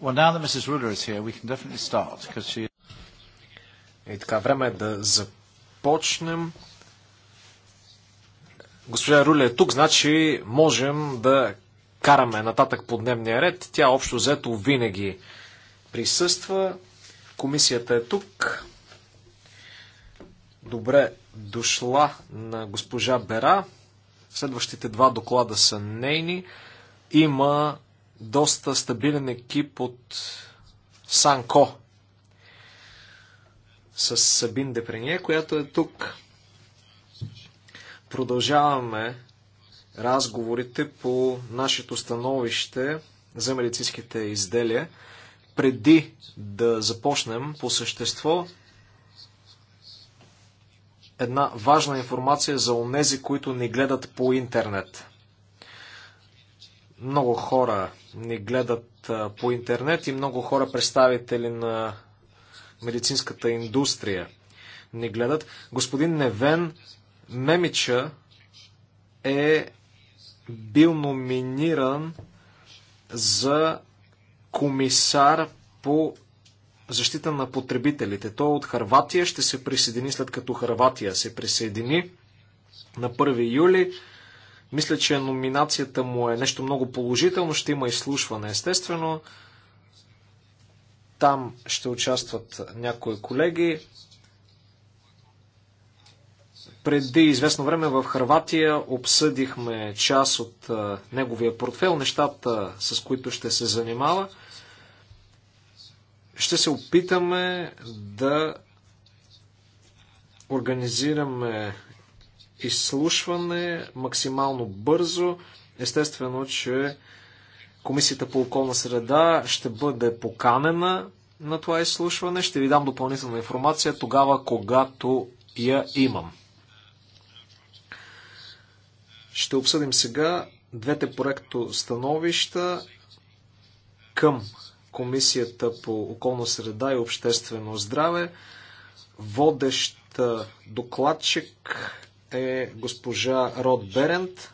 Well, now that Mrs. Ruler is here, we can definitely start, because she... И е, така, време е да започнем. Госпожа Руле е тук, значи можем да караме нататък по дневния ред. Тя общо взето винаги присъства. Комисията е тук. Добре дошла на госпожа Бера. Следващите два доклада са нейни. Има доста стабилен екип от Санко с Сабин Депрение, която е тук. Продължаваме разговорите по нашето становище за медицинските изделия. Преди да започнем по същество, една важна информация за онези, които ни гледат по интернет. Много хора ни гледат по интернет и много хора, представители на медицинската индустрия ни гледат. Господин Невен Мемича е бил номиниран за комисар по защита на потребителите. Той е от Харватия ще се присъедини след като Харватия се присъедини на 1 юли. Мисля, че номинацията му е нещо много положително. Ще има изслушване, естествено. Там ще участват някои колеги. Преди известно време в Харватия обсъдихме част от неговия портфел, нещата с които ще се занимава. Ще се опитаме да организираме изслушване максимално бързо. Естествено, че Комисията по околна среда ще бъде поканена на това изслушване. Ще ви дам допълнителна информация тогава, когато я имам. Ще обсъдим сега двете проекто становища към Комисията по околна среда и обществено здраве. Водещ докладчик е госпожа Род Берент.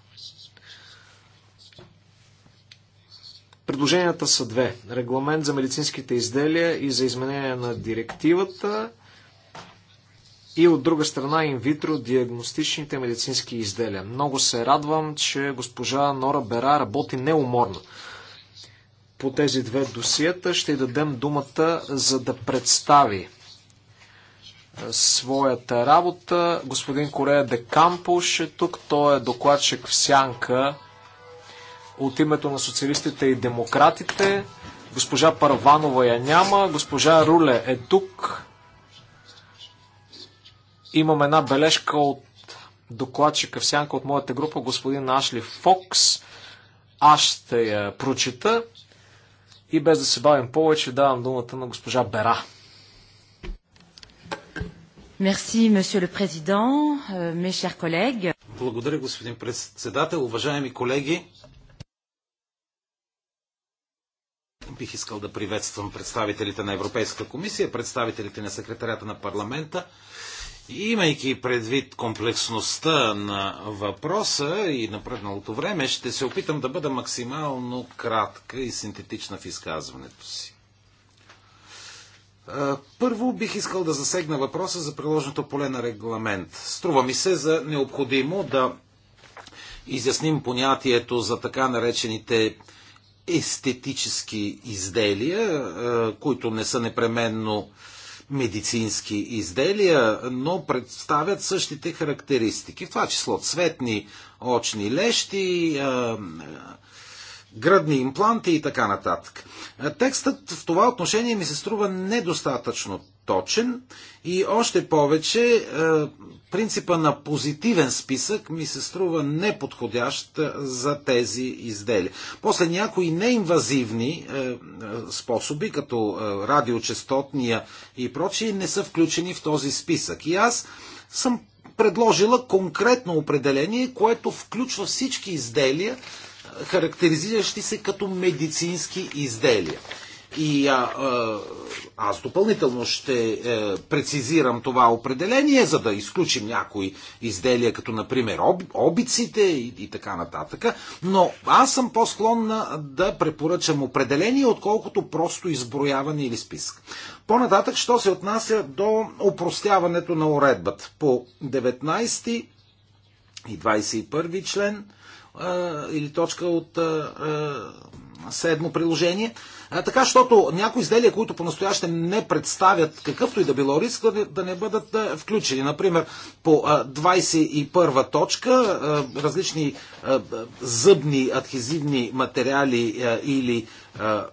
Предложенията са две. Регламент за медицинските изделия и за изменение на директивата и от друга страна инвитро диагностичните медицински изделия. Много се радвам, че госпожа Нора Бера работи неуморно по тези две досиета. Ще й дадем думата за да представи своята работа. Господин Корея де Кампуш е тук. Той е докладчик в Сянка от името на социалистите и демократите. Госпожа Парванова я няма. Госпожа Руле е тук. Имам една бележка от докладчика в Сянка от моята група, господин Ашли Фокс. Аз ще я прочита. И без да се бавим повече, давам думата на госпожа Бера. Merci, Monsieur le Président, euh, mes chers collègues. Благодаря, господин председател. Уважаеми колеги, бих искал да приветствам представителите на Европейска комисия, представителите на секретарята на парламента. Имайки предвид комплексността на въпроса и напредналото време, ще се опитам да бъда максимално кратка и синтетична в изказването си. Първо бих искал да засегна въпроса за приложното поле на регламент. Струва ми се за необходимо да изясним понятието за така наречените естетически изделия, които не са непременно медицински изделия, но представят същите характеристики. В това число цветни очни лещи, гръдни импланти и така нататък. Е, текстът в това отношение ми се струва недостатъчно точен и още повече е, принципа на позитивен списък ми се струва неподходящ е, за тези изделия. После някои неинвазивни способи, като радиочастотния и прочие, не са включени в този списък. И аз съм предложила конкретно определение, което включва всички изделия, характеризиращи се като медицински изделия. И а, а, аз допълнително ще а, е, прецизирам това определение, за да изключим някои изделия, като например об, обиците и, и така нататък. Но аз съм по-склонна да препоръчам определение, отколкото просто изброяване или списък. По-нататък, що се отнася до опростяването на уредбата по 19 и 21 член – или точка от седмо приложение. така, защото някои изделия, които по-настояще не представят какъвто и да било риск, да, да не бъдат включени. Например, по а, 21 точка а, различни а, зъбни адхезивни материали а, или а,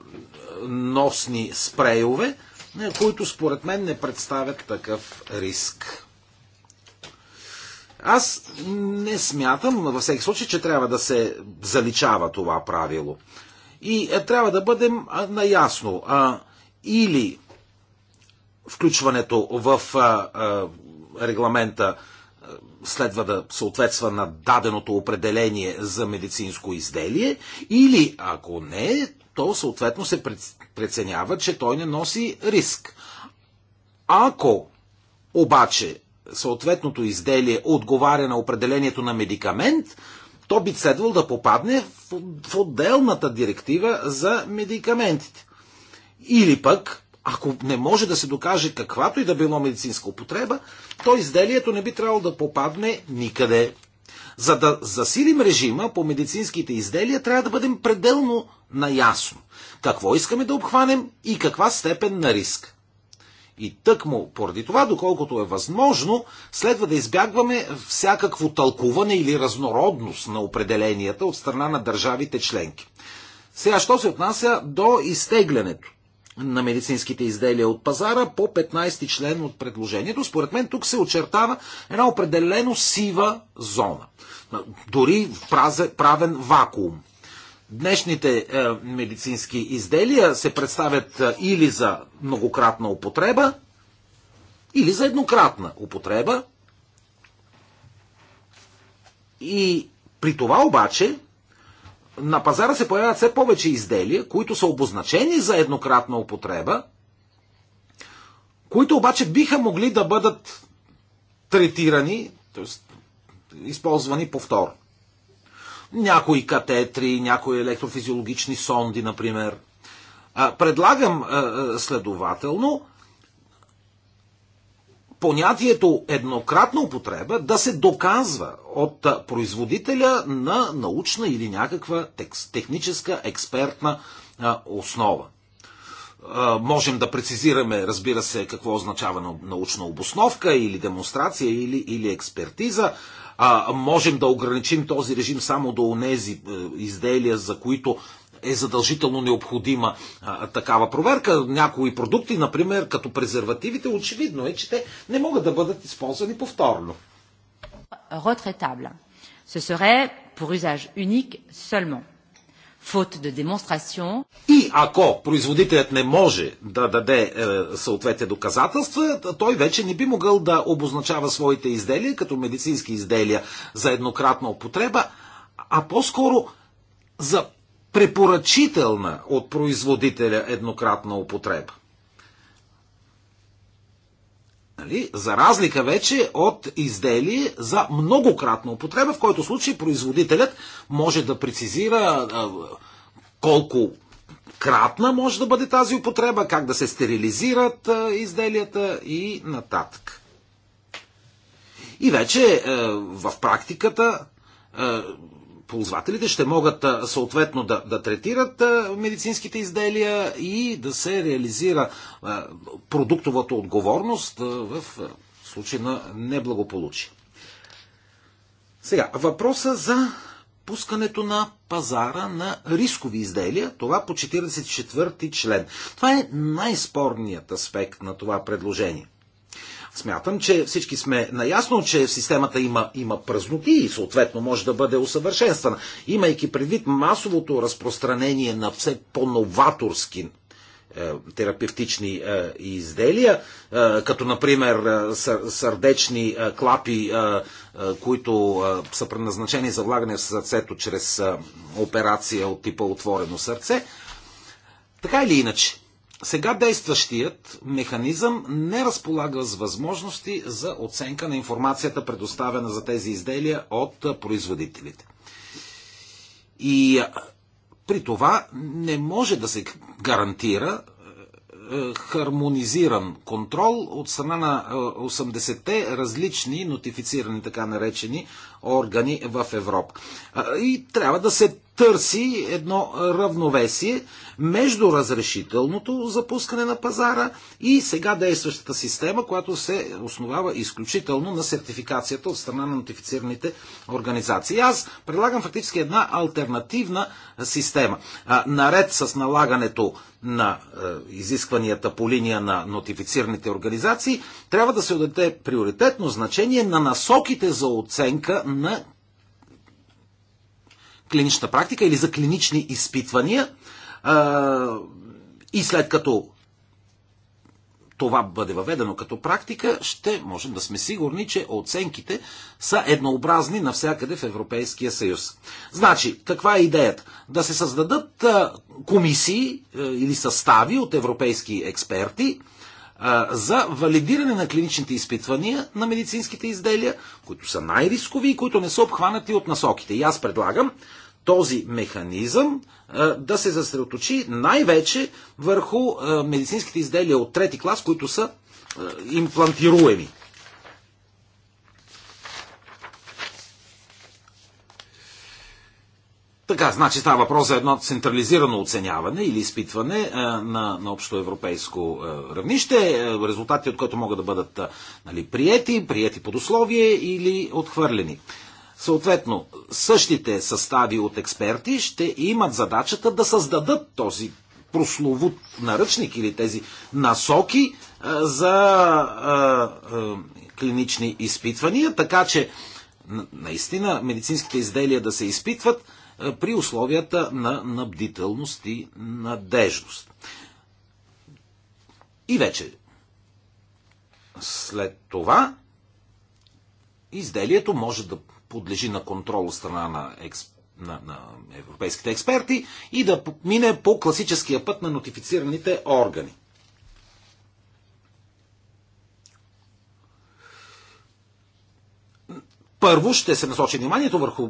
носни спрейове, а, които според мен не представят такъв риск. Аз не смятам, но във всеки случай, че трябва да се заличава това правило. И е, трябва да бъдем а, наясно. А, или включването в а, а, регламента а, следва да съответства на даденото определение за медицинско изделие, или ако не, то съответно се преценява, че той не носи риск. Ако обаче съответното изделие отговаря на определението на медикамент, то би следвало да попадне в отделната директива за медикаментите. Или пък, ако не може да се докаже каквато и да било медицинска употреба, то изделието не би трябвало да попадне никъде. За да засилим режима по медицинските изделия, трябва да бъдем пределно наясно. Какво искаме да обхванем и каква степен на риск. И тъкмо поради това, доколкото е възможно, следва да избягваме всякакво тълкуване или разнородност на определенията от страна на държавите членки. Сега, що се отнася до изтеглянето на медицинските изделия от пазара по 15 ти член от предложението. Според мен тук се очертава една определено сива зона. Дори празен, правен вакуум. Днешните е, медицински изделия се представят е, или за многократна употреба, или за еднократна употреба. И при това обаче на пазара се появяват все повече изделия, които са обозначени за еднократна употреба, които обаче биха могли да бъдат третирани, т.е. използвани повторно някои катетри, някои електрофизиологични сонди, например. Предлагам следователно понятието еднократна употреба да се доказва от производителя на научна или някаква техническа експертна основа. Можем да прецизираме, разбира се, какво означава научна обосновка или демонстрация или, или експертиза а, можем да ограничим този режим само до онези е, изделия, за които е задължително необходима а, такава проверка. Някои продукти, например, като презервативите, очевидно е, че те не могат да бъдат използвани повторно. Ce serait pour usage unique seulement. И ако производителят не може да даде е, съответните доказателства, той вече не би могъл да обозначава своите изделия като медицински изделия за еднократна употреба, а по-скоро за препоръчителна от производителя еднократна употреба. Нали? За разлика вече от изделие за многократна употреба, в който случай производителят може да прецизира а, колко кратна може да бъде тази употреба, как да се стерилизират а, изделията и нататък. И вече а, в практиката ползвателите ще могат съответно да, да третират медицинските изделия и да се реализира продуктовата отговорност в случай на неблагополучие. Сега, въпроса за пускането на пазара на рискови изделия, това по 44 ти член. Това е най-спорният аспект на това предложение – Смятам, че всички сме наясно, че системата има, има празноти и съответно може да бъде усъвършенствана. Имайки предвид масовото разпространение на все по-новаторски е, терапевтични е, изделия, е, като например сърдечни клапи, които са предназначени за влагане в сърцето чрез операция от типа отворено сърце. Така или иначе, сега действащият механизъм не разполага с възможности за оценка на информацията, предоставена за тези изделия от производителите. И при това не може да се гарантира хармонизиран контрол от страна на 80-те различни нотифицирани така наречени органи в Европа. И трябва да се търси едно равновесие между разрешителното запускане на пазара и сега действащата система, която се основава изключително на сертификацията от страна на нотифицираните организации. Аз предлагам фактически една альтернативна система. наред с налагането на е, изискванията по линия на нотифицираните организации, трябва да се отдаде приоритетно значение на насоките за оценка на клинична практика или за клинични изпитвания и след като това бъде въведено като практика, ще можем да сме сигурни, че оценките са еднообразни навсякъде в Европейския съюз. Значи, каква е идеята? Да се създадат комисии или състави от европейски експерти за валидиране на клиничните изпитвания на медицинските изделия, които са най-рискови и които не са обхванати от насоките. И аз предлагам този механизъм е, да се засредоточи най-вече върху е, медицинските изделия от трети клас, които са е, имплантируеми. Така, значи става въпрос за едно централизирано оценяване или изпитване а, на, на общо европейско а, равнище, а, резултати от които могат да бъдат а, нали, приети, приети под условие или отхвърлени. Съответно, същите състави от експерти ще имат задачата да създадат този прословут наръчник или тези насоки е, за е, е, клинични изпитвания, така че наистина медицинските изделия да се изпитват при условията на набдителност и надежност. И вече след това изделието може да подлежи на контрол от страна на, експ... на, на европейските експерти и да мине по класическия път на нотифицираните органи. Първо ще се насочи вниманието върху е,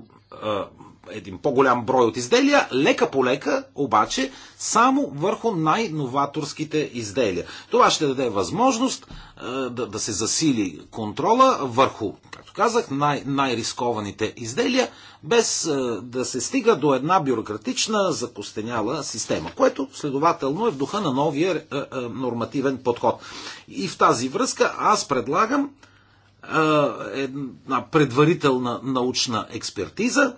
един по-голям брой от изделия, лека по лека, обаче, само върху най-новаторските изделия. Това ще даде възможност е, да, да се засили контрола върху както казах, най- най-рискованите изделия, без е, да се стига до една бюрократична, закостеняла система, което следователно е в духа на новия е, е, нормативен подход. И в тази връзка аз предлагам е, една предварителна научна експертиза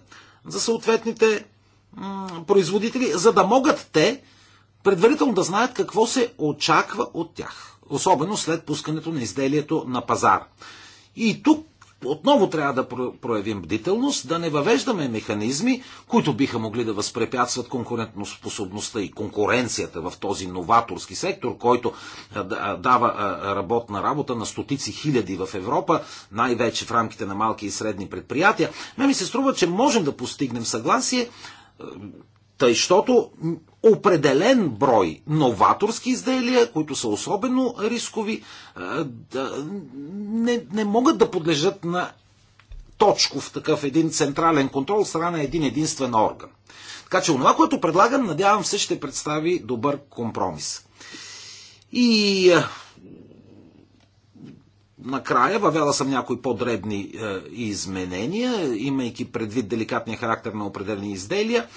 за съответните производители, за да могат те предварително да знаят какво се очаква от тях, особено след пускането на изделието на пазара. И тук отново трябва да проявим бдителност, да не въвеждаме механизми, които биха могли да възпрепятстват конкурентоспособността и конкуренцията в този новаторски сектор, който дава работна работа на стотици хиляди в Европа, най-вече в рамките на малки и средни предприятия. Ме ми се струва, че можем да постигнем съгласие, тъй, защото определен брой новаторски изделия, които са особено рискови, не, не могат да подлежат на точков такъв един централен контрол страна на един единствен орган. Така че това, което предлагам, надявам се, ще представи добър компромис. И накрая въвяла съм някои по-дребни е, изменения, имайки предвид деликатния характер на определени изделия.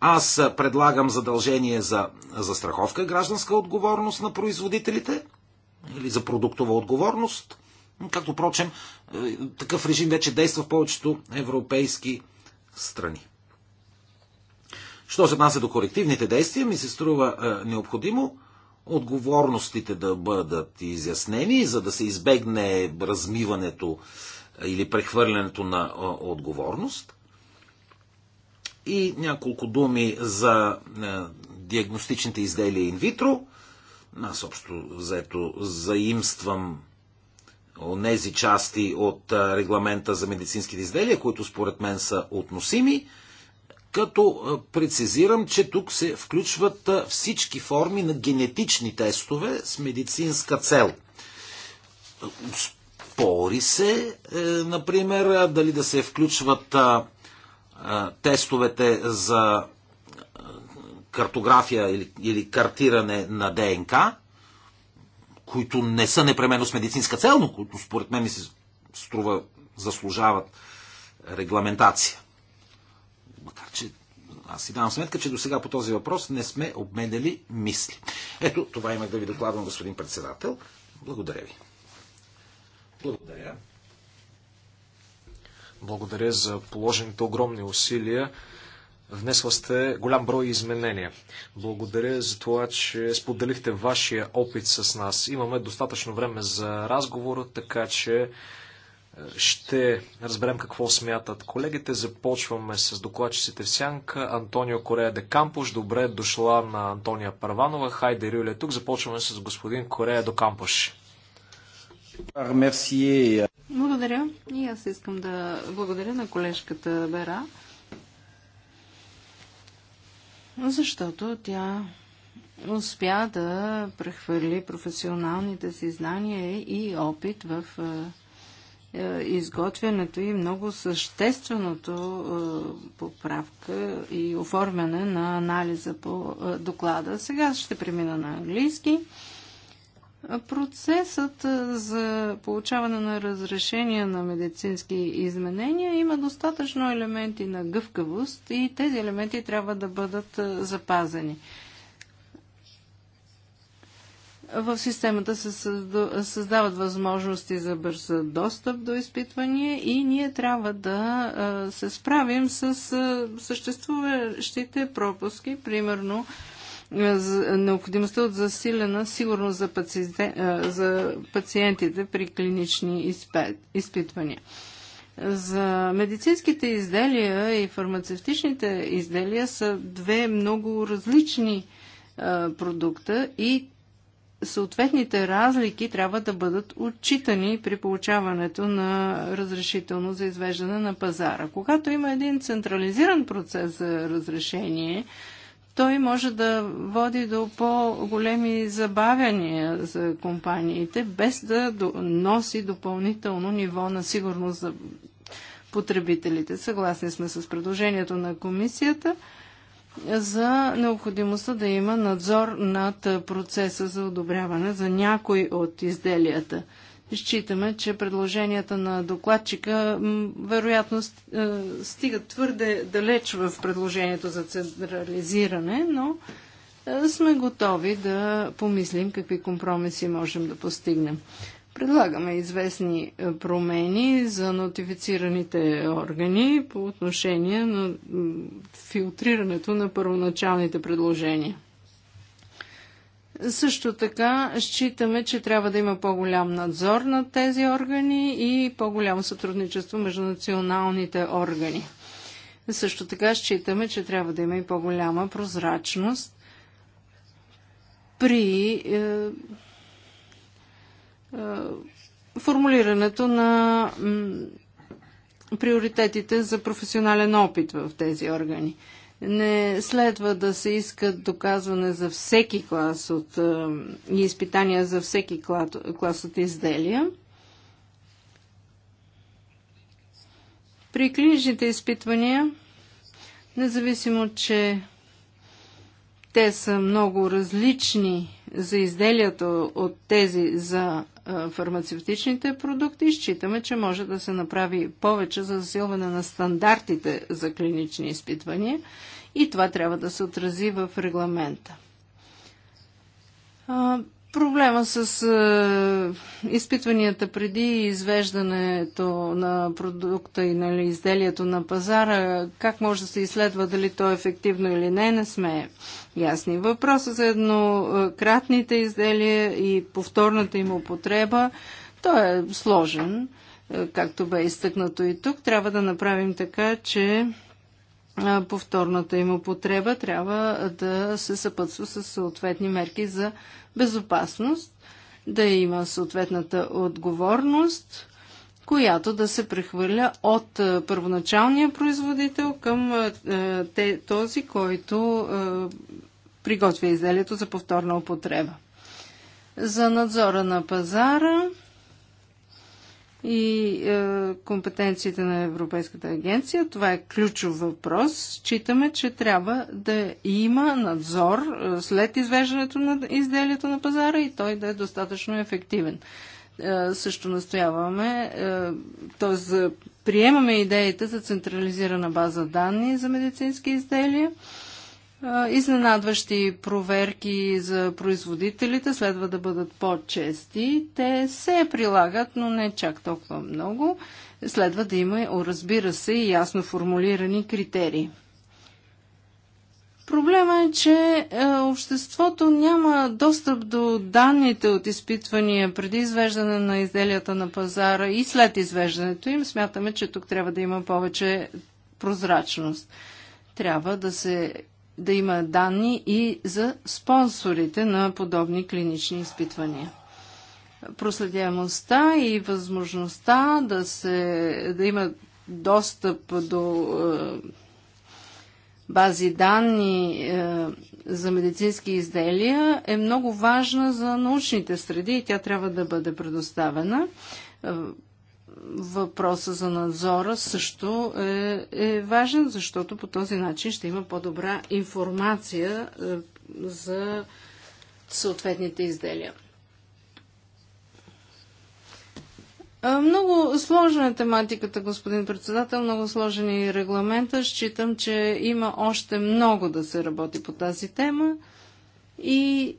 Аз предлагам задължение за, за страховка гражданска отговорност на производителите или за продуктова отговорност. Както впрочем, е, такъв режим вече действа в повечето европейски страни. Що се отнася до корективните действия, ми се струва е, необходимо отговорностите да бъдат изяснени, за да се избегне размиването или прехвърлянето на е, отговорност. И няколко думи за е, диагностичните изделия инвитро. Аз общо заето заимствам онези части от е, регламента за медицинските изделия, които според мен са относими, като е, прецизирам, че тук се включват всички форми на генетични тестове с медицинска цел. Спори се, например, дали да се включват тестовете за картография или, или картиране на ДНК, които не са непременно с медицинска цел, но които според мен ми се струва заслужават регламентация. Макар, че аз си давам сметка, че до сега по този въпрос не сме обменяли мисли. Ето, това имах да ви докладвам, господин председател. Благодаря ви. Благодаря. Благодаря за положените огромни усилия. Внесла сте голям брой изменения. Благодаря за това, че споделихте вашия опит с нас. Имаме достатъчно време за разговор, така че е, ще разберем какво смятат колегите. Започваме с докладчиците в сянка. Антонио Корея де Кампуш. Добре е дошла на Антония Първанова. Хайде Рюле тук. Започваме с господин Корея до Кампуш. Благодаря. И аз искам да благодаря на колежката Бера, защото тя успя да прехвърли професионалните си знания и опит в е, е, изготвянето и много същественото е, поправка и оформяне на анализа по доклада. Сега ще премина на английски. Процесът е, за получаване на разрешения на медицински изменения има достатъчно елементи на гъвкавост и тези елементи трябва да бъдат е, запазени. В системата се създават възможности за бърз достъп до изпитвания и ние трябва да е, се справим с съществуващите пропуски, примерно е, необходимостта от засилена сигурност за, е, за пациентите при клинични изпитвания. За медицинските изделия и фармацевтичните изделия са две много различни е, продукта и съответните разлики трябва да бъдат отчитани при получаването на разрешително за извеждане на пазара. Когато има един централизиран процес за разрешение, той може да води до по-големи забавяния за компаниите, без да носи допълнително ниво на сигурност за потребителите. Съгласни сме с предложението на комисията за необходимостта да има надзор над процеса за одобряване за някои от изделията – Считаме, че предложенията на докладчика вероятно е, стигат твърде далеч в предложението за централизиране, но е, сме готови да помислим какви компромиси можем да постигнем. Предлагаме известни е, промени за нотифицираните органи по отношение на филтрирането на първоначалните предложения. Също така считаме, че трябва да има по-голям надзор на тези органи и по-голямо сътрудничество между националните органи. Също така считаме, че трябва да има и по-голяма прозрачност при е, е, формулирането на м, приоритетите за професионален опит в тези органи. Е, не следва да се искат доказване за всеки клас от е, и изпитания за всеки клас, клас от изделия. При клиничните изпитвания, независимо, че те са много различни за изделията от тези за е, фармацевтичните продукти, считаме, че може да се направи повече за засилване на стандартите за клинични изпитвания и това трябва да се отрази в регламента. Проблема с е, изпитванията преди извеждането на продукта и нали, изделието на пазара, как може да се изследва дали то е ефективно или не, не сме ясни. Въпроса за еднократните изделия и повторната им употреба, той е сложен, както бе изтъкнато и тук. Трябва да направим така, че повторната им употреба трябва да се съпътства с съответни мерки за безопасност, да има съответната отговорност, която да се прехвърля от първоначалния производител към този, който приготвя изделието за повторна употреба. За надзора на пазара и е, компетенциите на Европейската агенция. Това е ключов въпрос. Читаме, че трябва да има надзор е, след извеждането на изделието на пазара и той да е достатъчно ефективен. Е, също настояваме, е, т.е. приемаме идеите за централизирана база данни за медицински изделия. Е, Изненадващи проверки за производителите следва да бъдат по-чести. Те се прилагат, но не чак толкова много. Следва да има, разбира се, и ясно формулирани критерии. Проблема е, че е, обществото няма достъп до данните от изпитвания преди извеждане на изделията на пазара и след извеждането им. Смятаме, че тук трябва да има повече прозрачност. Трябва да се да има данни и за спонсорите на подобни клинични изпитвания. Проследяемостта и възможността да, се, да има достъп до е, бази данни е, за медицински изделия е много важна за научните среди и тя трябва да бъде предоставена е, въпроса за надзора също е, е важен, защото по този начин ще има по-добра информация е, за съответните изделия. Много сложна е тематиката, господин председател, много сложен е регламента. Считам, че има още много да се работи по тази тема и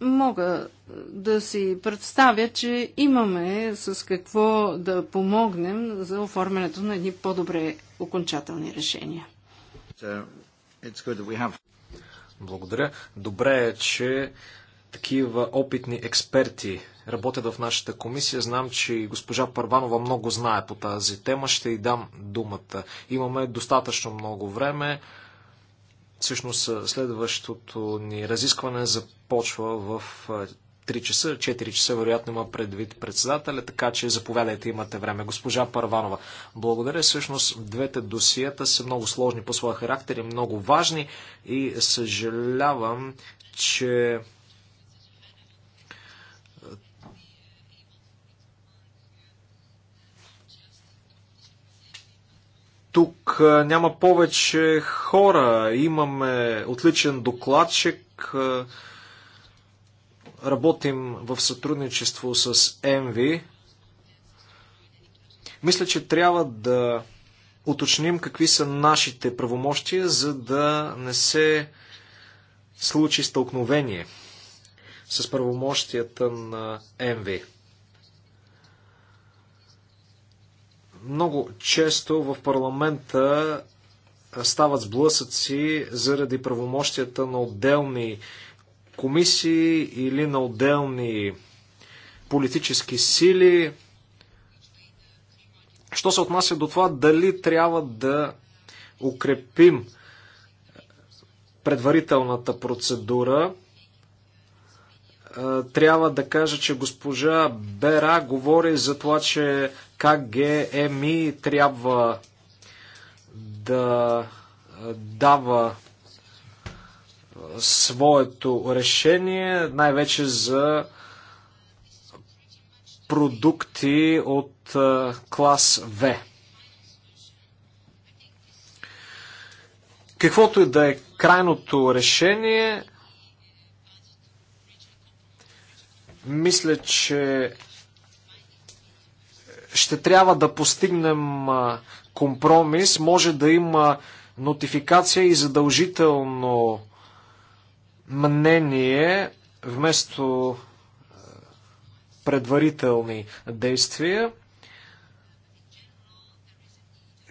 мога да си представя, че имаме с какво да помогнем за оформянето на едни по-добре окончателни решения. Have... Благодаря. Добре е, че такива опитни експерти работят в нашата комисия. Знам, че и госпожа Парванова много знае по тази тема. Ще й дам думата. Имаме достатъчно много време. Всъщност следващото ни разискване започва в 3 часа, 4 часа вероятно има предвид председателя, така че заповядайте, имате време. Госпожа Парванова, благодаря. Всъщност двете досията са много сложни по своя характер и много важни и съжалявам, че Тук няма повече хора. Имаме отличен докладчик. Работим в сътрудничество с МВ, Мисля, че трябва да уточним какви са нашите правомощия, за да не се случи стълкновение с правомощията на МВ. Много често в парламента стават сблъсъци заради правомощията на отделни комисии или на отделни политически сили. Що се отнася до това, дали трябва да укрепим предварителната процедура, трябва да кажа, че госпожа Бера говори за това, че КГМИ трябва да дава своето решение, най-вече за продукти от клас В. Каквото и да е крайното решение, мисля, че ще трябва да постигнем компромис. Може да има нотификация и задължително мнение вместо е, предварителни действия.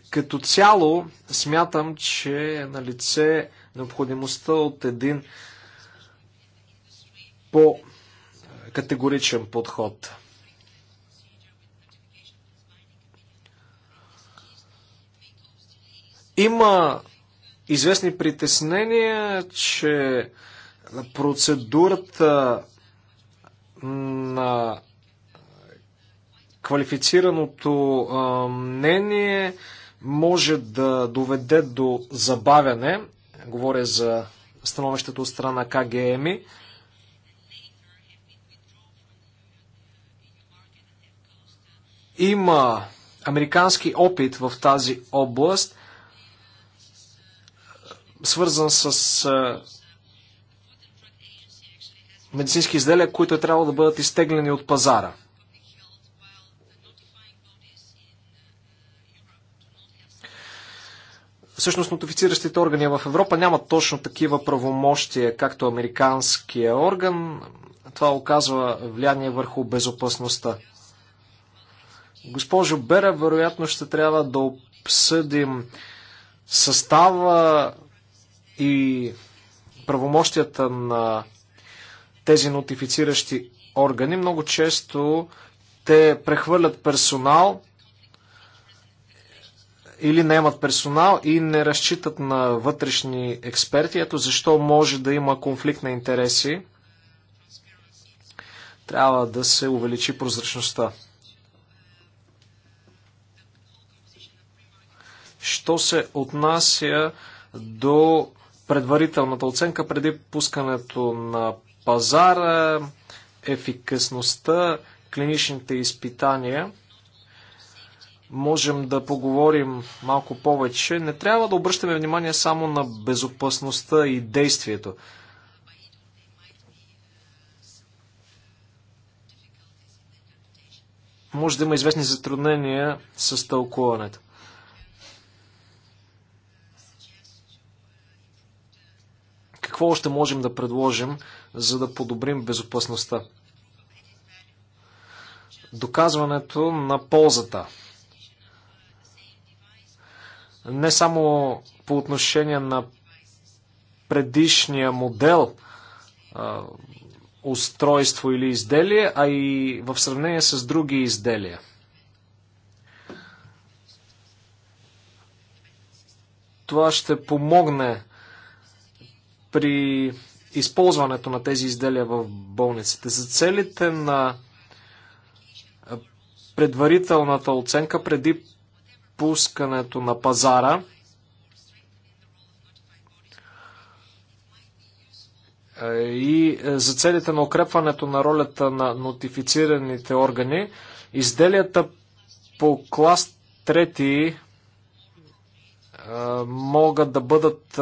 Като цяло смятам, че е на лице необходимостта от един по-категоричен подход. Има известни притеснения, че Процедурата на квалифицираното мнение може да доведе до забавяне. Говоря за становището от страна КГМИ. Има американски опит в тази област, свързан с медицински изделия, които е трябва да бъдат изтеглени от пазара. Всъщност нотифициращите органи в Европа нямат точно такива правомощия, както американския орган. Това оказва влияние върху безопасността. Госпожо Бера, вероятно ще трябва да обсъдим състава и правомощията на тези нотифициращи органи. Много често те прехвърлят персонал или не имат персонал и не разчитат на вътрешни експерти. Ето защо може да има конфликт на интереси. Трябва да се увеличи прозрачността. Що се отнася до предварителната оценка преди пускането на пазара, ефикасността, клиничните изпитания. Можем да поговорим малко повече. Не трябва да обръщаме внимание само на безопасността и действието. Може да има известни затруднения с тълкуването. Какво още можем да предложим, за да подобрим безопасността? Доказването на ползата. Не само по отношение на предишния модел, устройство или изделие, а и в сравнение с други изделия. Това ще помогне при използването на тези изделия в болниците. За целите на предварителната оценка преди пускането на пазара, и за целите на укрепването на ролята на нотифицираните органи, изделията по клас 3 могат да бъдат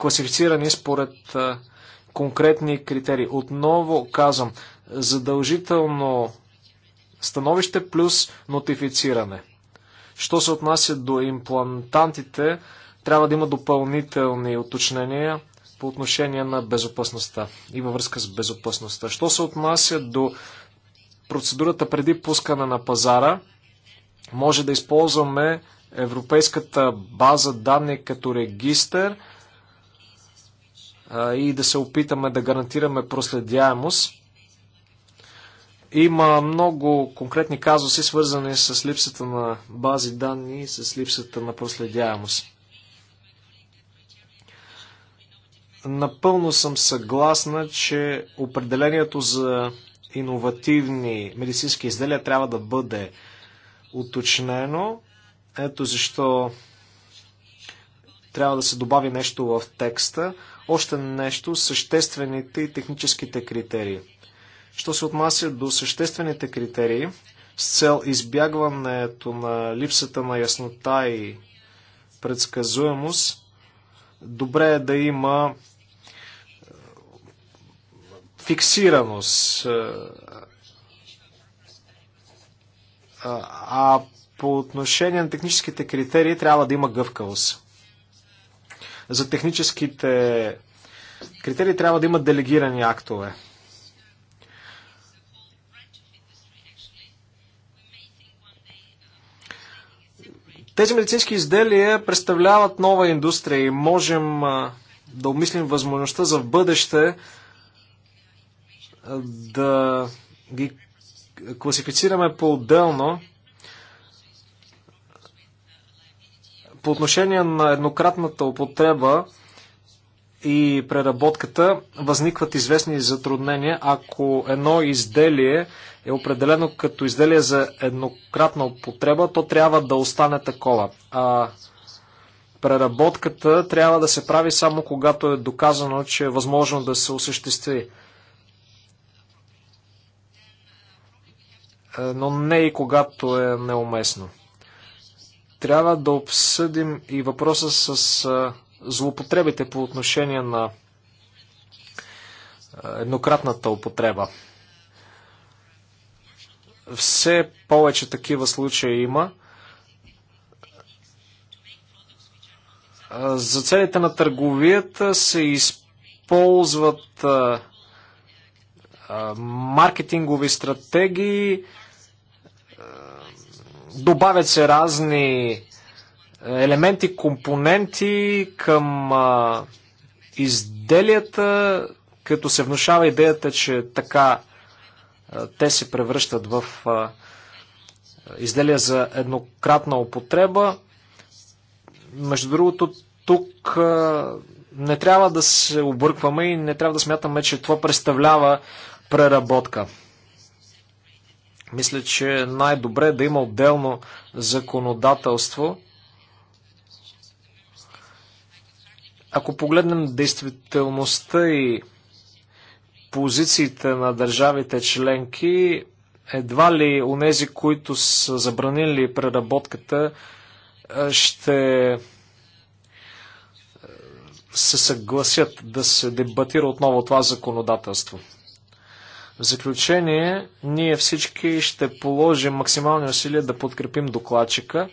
класифицирани според конкретни критерии. Отново казвам, задължително становище плюс нотифициране. Що се отнася до имплантантите, трябва да има допълнителни уточнения по отношение на безопасността и във връзка с безопасността. Що се отнася до процедурата преди пускане на пазара, може да използваме европейската база данни като регистър – и да се опитаме да гарантираме проследяемост. Има много конкретни казуси, свързани с липсата на бази данни и с липсата на проследяемост. Напълно съм съгласна, че определението за иновативни медицински изделия трябва да бъде уточнено. Ето защо трябва да се добави нещо в текста. Още нещо, съществените и техническите критерии. Що се отнася до съществените критерии, с цел избягването на липсата на яснота и предсказуемост, добре е да има е, фиксираност. Е, а по отношение на техническите критерии трябва да има гъвкавост за техническите критерии трябва да има делегирани актове. Тези медицински изделия представляват нова индустрия и можем да обмислим възможността за в бъдеще да ги класифицираме по-отделно По отношение на еднократната употреба и преработката възникват известни затруднения, ако едно изделие е определено като изделие за еднократна употреба, то трябва да остане такова. А преработката трябва да се прави само когато е доказано, че е възможно да се осъществи. Е, но не и когато е неуместно. Трябва да обсъдим и въпроса с злоупотребите по отношение на еднократната употреба. Все повече такива случаи има. За целите на търговията се използват маркетингови стратегии, добавят се разни е, елементи, компоненти към а, изделията, като се внушава идеята, че така а, те се превръщат в а, изделия за еднократна употреба. Между другото, тук а, не трябва да се объркваме и не трябва да смятаме, че това представлява преработка. Мисля, че е най-добре да има отделно законодателство. Ако погледнем действителността и позициите на държавите членки, едва ли нези, които са забранили преработката, ще се съгласят да се дебатира отново това законодателство. В заключение, ние всички ще положим максимални усилия да подкрепим докладчика.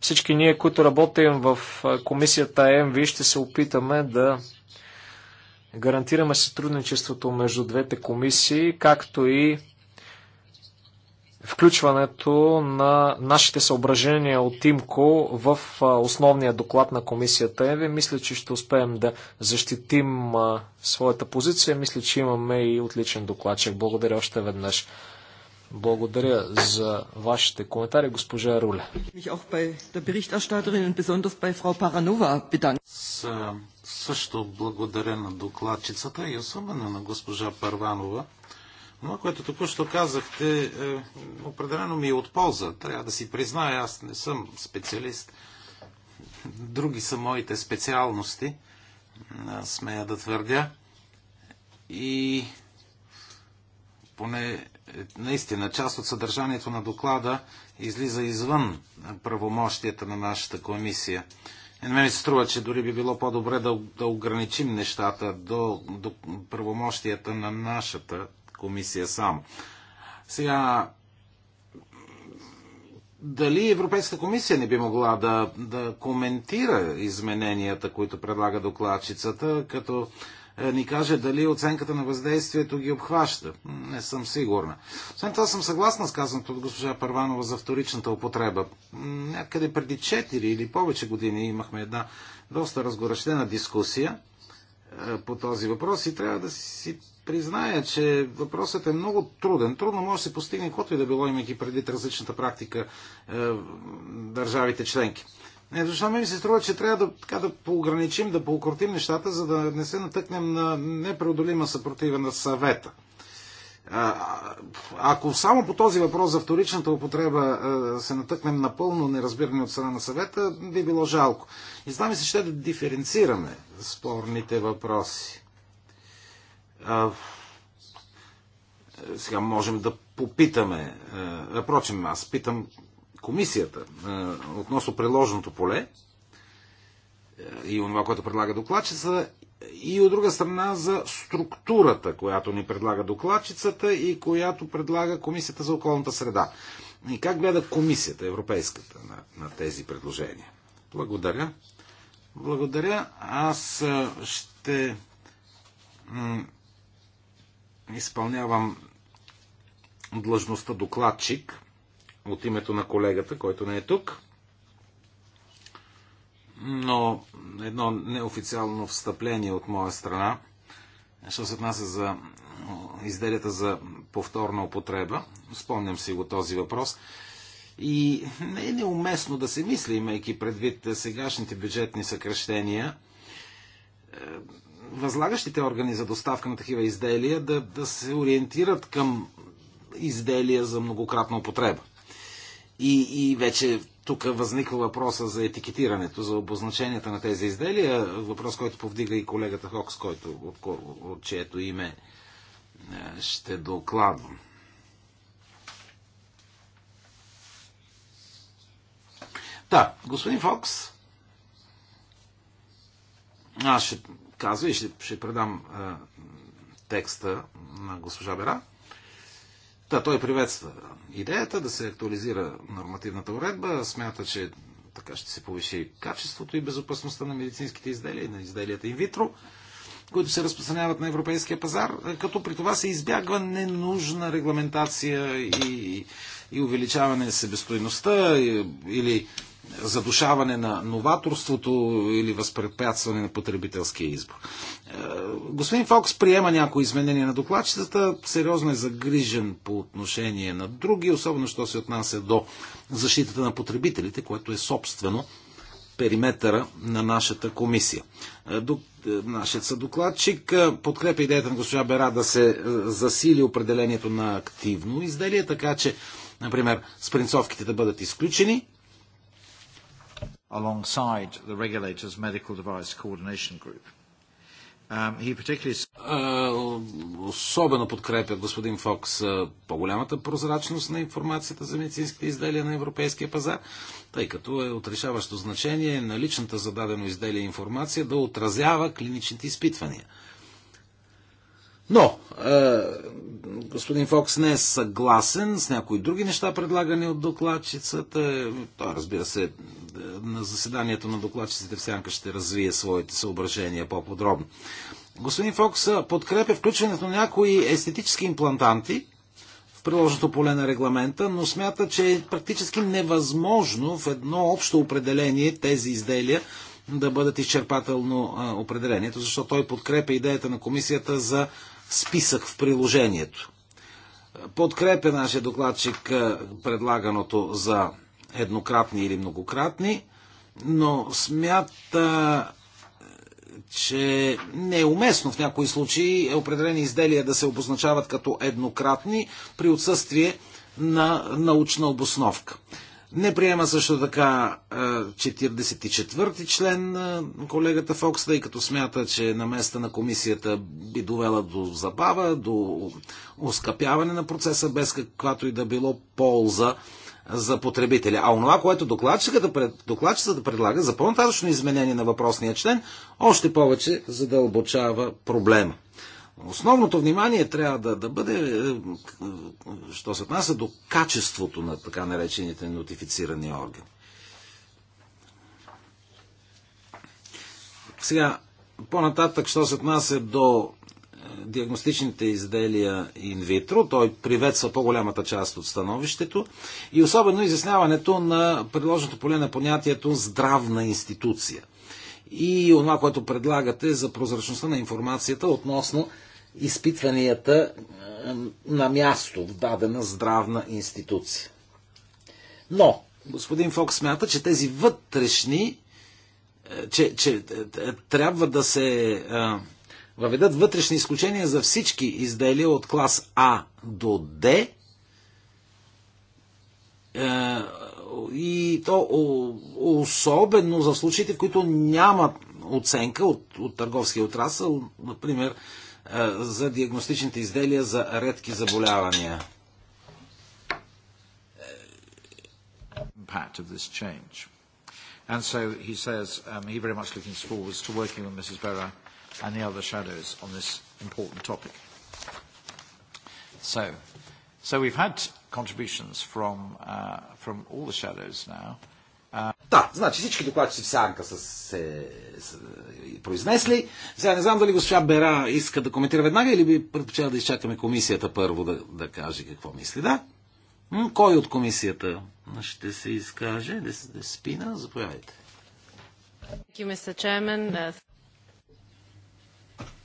Всички ние, които работим в комисията ЕМВИ, ще се опитаме да гарантираме сътрудничеството между двете комисии, както и включването на нашите съображения от ИМКО в основния доклад на комисията. Е, мисля, че ще успеем да защитим своята позиция. Мисля, че имаме и отличен докладчик. Благодаря още веднъж. Благодаря за вашите коментари, госпожа Руле. Също благодаря на докладчицата и особено на госпожа Парванова. Това, което току-що казахте, е, определено ми е от полза. Трябва да си призная, аз не съм специалист. Други са моите специалности, смея да твърдя. И поне е, наистина част от съдържанието на доклада излиза извън правомощията на нашата комисия. Е, на ми се струва, че дори би било по-добре да, да ограничим нещата до, до правомощията на нашата комисия сам. Сега, дали Европейската комисия не би могла да, да коментира измененията, които предлага докладчицата, като е, ни каже дали оценката на въздействието ги обхваща. Не съм сигурна. Освен това съм съгласна с казаното от госпожа Парванова за вторичната употреба. Някъде преди 4 или повече години имахме една доста разгорещена дискусия по този въпрос и трябва да си призная, че въпросът е много труден. Трудно може да се постигне каквото и да било, имайки предвид различната практика държавите членки. Не, защото ми се струва, че трябва да, така, да поограничим, да поукротим нещата, за да не се натъкнем на непреодолима съпротива на съвета. Ако само по този въпрос за вторичната употреба е, се натъкнем напълно неразбиране от страна на съвета, би било жалко. И знам се ще да диференцираме спорните въпроси. Сега можем да попитаме. Е, впрочем, аз питам комисията е, относно приложеното поле и онова, което предлага докладчица, и от друга страна за структурата, която ни предлага докладчицата и която предлага Комисията за околната среда. И как гледа Комисията Европейската на, на тези предложения? Благодаря. Благодаря. Аз ще изпълнявам длъжността докладчик от името на колегата, който не е тук но едно неофициално встъпление от моя страна, що се отнася за изделията за повторна употреба. Спомням си го този въпрос. И не е неуместно да се мисли, имайки предвид сегашните бюджетни съкрещения, е, възлагащите органи за доставка на такива изделия да, да се ориентират към изделия за многократна употреба. И, и вече тук възниква въпроса за етикетирането, за обозначенията на тези изделия. Въпрос, който повдига и колегата Хокс, който, от, от чието име е, ще докладвам. Да, господин Фокс, аз ще казвам и ще, ще предам а, е, текста на госпожа Бера. Та той приветства идеята да се актуализира нормативната уредба, смята, че така ще се повиши качеството и безопасността на медицинските изделия и на изделията инвитро. витро които се разпространяват на европейския пазар, като при това се избягва ненужна регламентация и, и увеличаване на себестойността или задушаване на новаторството или възпрепятстване на потребителския избор. Е, господин Фокс приема някои изменения на докладчетата, сериозно е загрижен по отношение на други, особено що се отнася до защитата на потребителите, което е собствено периметъра на нашата комисия. Е, е, нашият съдокладчик е, подкрепя идеята на госпожа Бера да се засили определението на активно изделие, така че, например, спринцовките да бъдат изключени. Alongside the regulator's medical device coordination group. Um, особено подкрепя господин Фокс по-голямата прозрачност на информацията за медицинските изделия на европейския пазар, тъй като е отрешаващо значение наличната личната зададено изделие информация да отразява клиничните изпитвания – но е, господин Фокс не е съгласен с някои други неща, предлагани от докладчицата. Той, разбира се, е, на заседанието на докладчиците в Сянка ще развие своите съображения по-подробно. Господин Фокс е, подкрепя включването на някои естетически имплантанти в приложното поле на регламента, но смята, че е практически невъзможно в едно общо определение тези изделия да бъдат изчерпателно е, определението, защото той подкрепя идеята на комисията за списък в приложението. Подкрепя нашия докладчик е, предлаганото за еднократни или многократни, но смята, че не е уместно в някои случаи определени изделия да се обозначават като еднократни при отсъствие на научна обосновка. Не приема също така 44-ти е, член колегата Фокс, тъй като смята, че на места на комисията би довела до забава, до оскъпяване на процеса, без каквато и да било полза за потребителя. А онова, което докладчицата, предлага за по-нататъчно изменение на въпросния член, още повече задълбочава проблема. Основното внимание трябва да, да бъде, е, е, що се отнася до качеството на така наречените нотифицирани органи. Сега, по-нататък, що се отнася до е, диагностичните изделия инвитро. Той приветства по-голямата част от становището и особено изясняването на предложеното поле на понятието здравна институция и това, което предлагате за прозрачността на информацията относно изпитванията на място в дадена здравна институция. Но, господин Фокс смята, че тези вътрешни, е, че, че е, е, трябва да се въведат вътрешни изключения за всички изделия от клас А до Д, и то особено за случаите, в които няма оценка от, от търговския отрасъл, например за диагностичните изделия за редки заболявания. impact of this change. And so he says um, he very much looking forward to working with Mrs. Berra and the other shadows on this important topic. So, so we've had contributions from, uh, from all the shadows now. Uh, да, значи всички докладчици в сянка са се произнесли. Сега не знам дали госпожа Бера иска да коментира веднага или би предпочела да изчакаме комисията първо да, да каже какво мисли. Да? М- кой от комисията ще се изкаже? Да спина? заповядайте.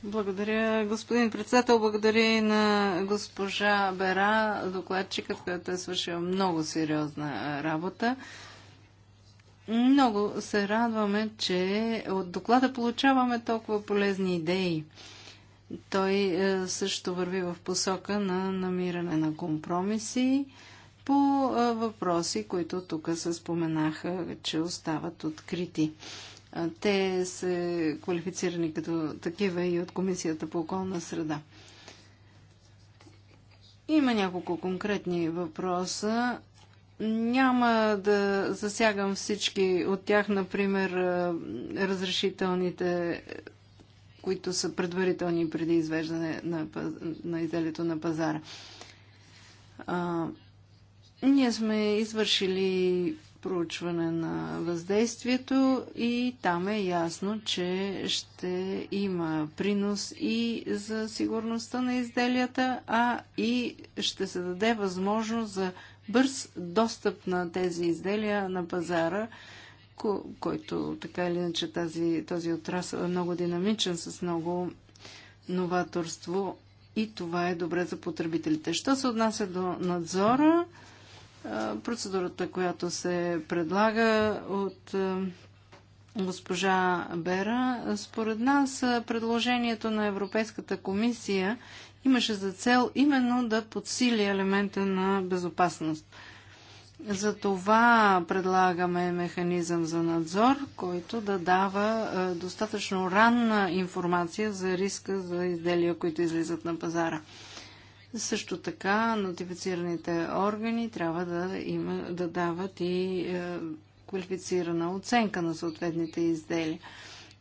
Благодаря, господин председател. Благодаря и на госпожа Бера, докладчикът, която е свършила много сериозна работа. Много се радваме, че от доклада получаваме толкова полезни идеи. Той е, също върви в посока на намиране на компромиси по е, въпроси, които тук се споменаха, че остават открити. Те са квалифицирани като такива и от Комисията по околна среда. Има няколко конкретни въпроса. Няма да засягам всички от тях, например, разрешителните, които са предварителни преди извеждане на, на изделието на пазара. А, ние сме извършили проучване на въздействието и там е ясно, че ще има принос и за сигурността на изделията, а и ще се даде възможност за бърз достъп на тези изделия на пазара, който така или иначе тази, този отрасъл е много динамичен с много новаторство и това е добре за потребителите. Що се отнася до надзора, Процедурата, която се предлага от госпожа Бера, според нас предложението на Европейската комисия имаше за цел именно да подсили елемента на безопасност. За това предлагаме механизъм за надзор, който да дава достатъчно ранна информация за риска за изделия, които излизат на пазара. Също така нотифицираните органи трябва да, има, да дават и е, квалифицирана оценка на съответните изделия.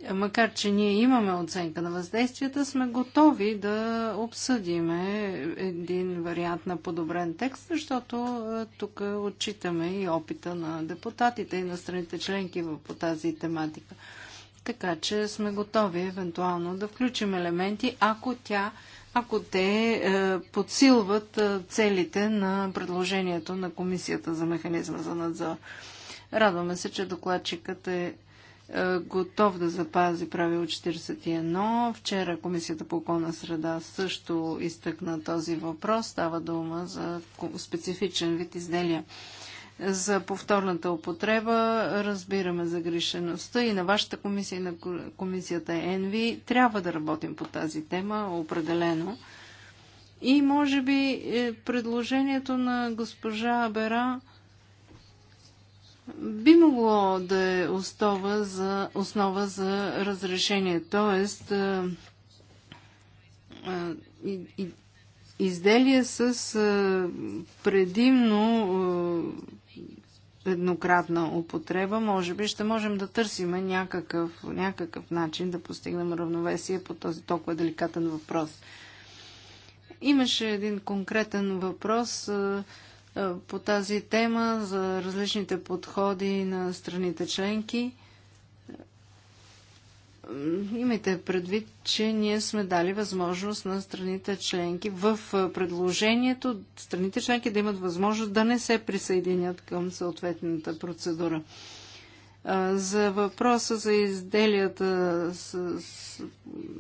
Е, макар, че ние имаме оценка на въздействията, сме готови да обсъдиме един вариант на подобрен текст, защото е, тук отчитаме и опита на депутатите и на страните членки по тази тематика. Така че сме готови евентуално да включим елементи, ако тя ако те е, подсилват е, целите на предложението на Комисията за механизма за надзор. Радваме се, че докладчикът е, е готов да запази правило 41. Вчера Комисията по околна среда също изтъкна този въпрос. Става дума за специфичен вид изделия за повторната употреба, разбираме загрешеността и на вашата комисия и на комисията ЕНВИ. Трябва да работим по тази тема, определено. И може би е, предложението на госпожа Бера би могло да е основа за, основа за разрешение, т.е. Е, изделия с е, предимно еднократна употреба, може би ще можем да търсим някакъв, някакъв начин да постигнем равновесие по този толкова деликатен въпрос. Имаше един конкретен въпрос по тази тема за различните подходи на страните членки – Имайте предвид, че ние сме дали възможност на страните членки в предложението страните членки да имат възможност да не се присъединят към съответната процедура. За въпроса за изделията с, с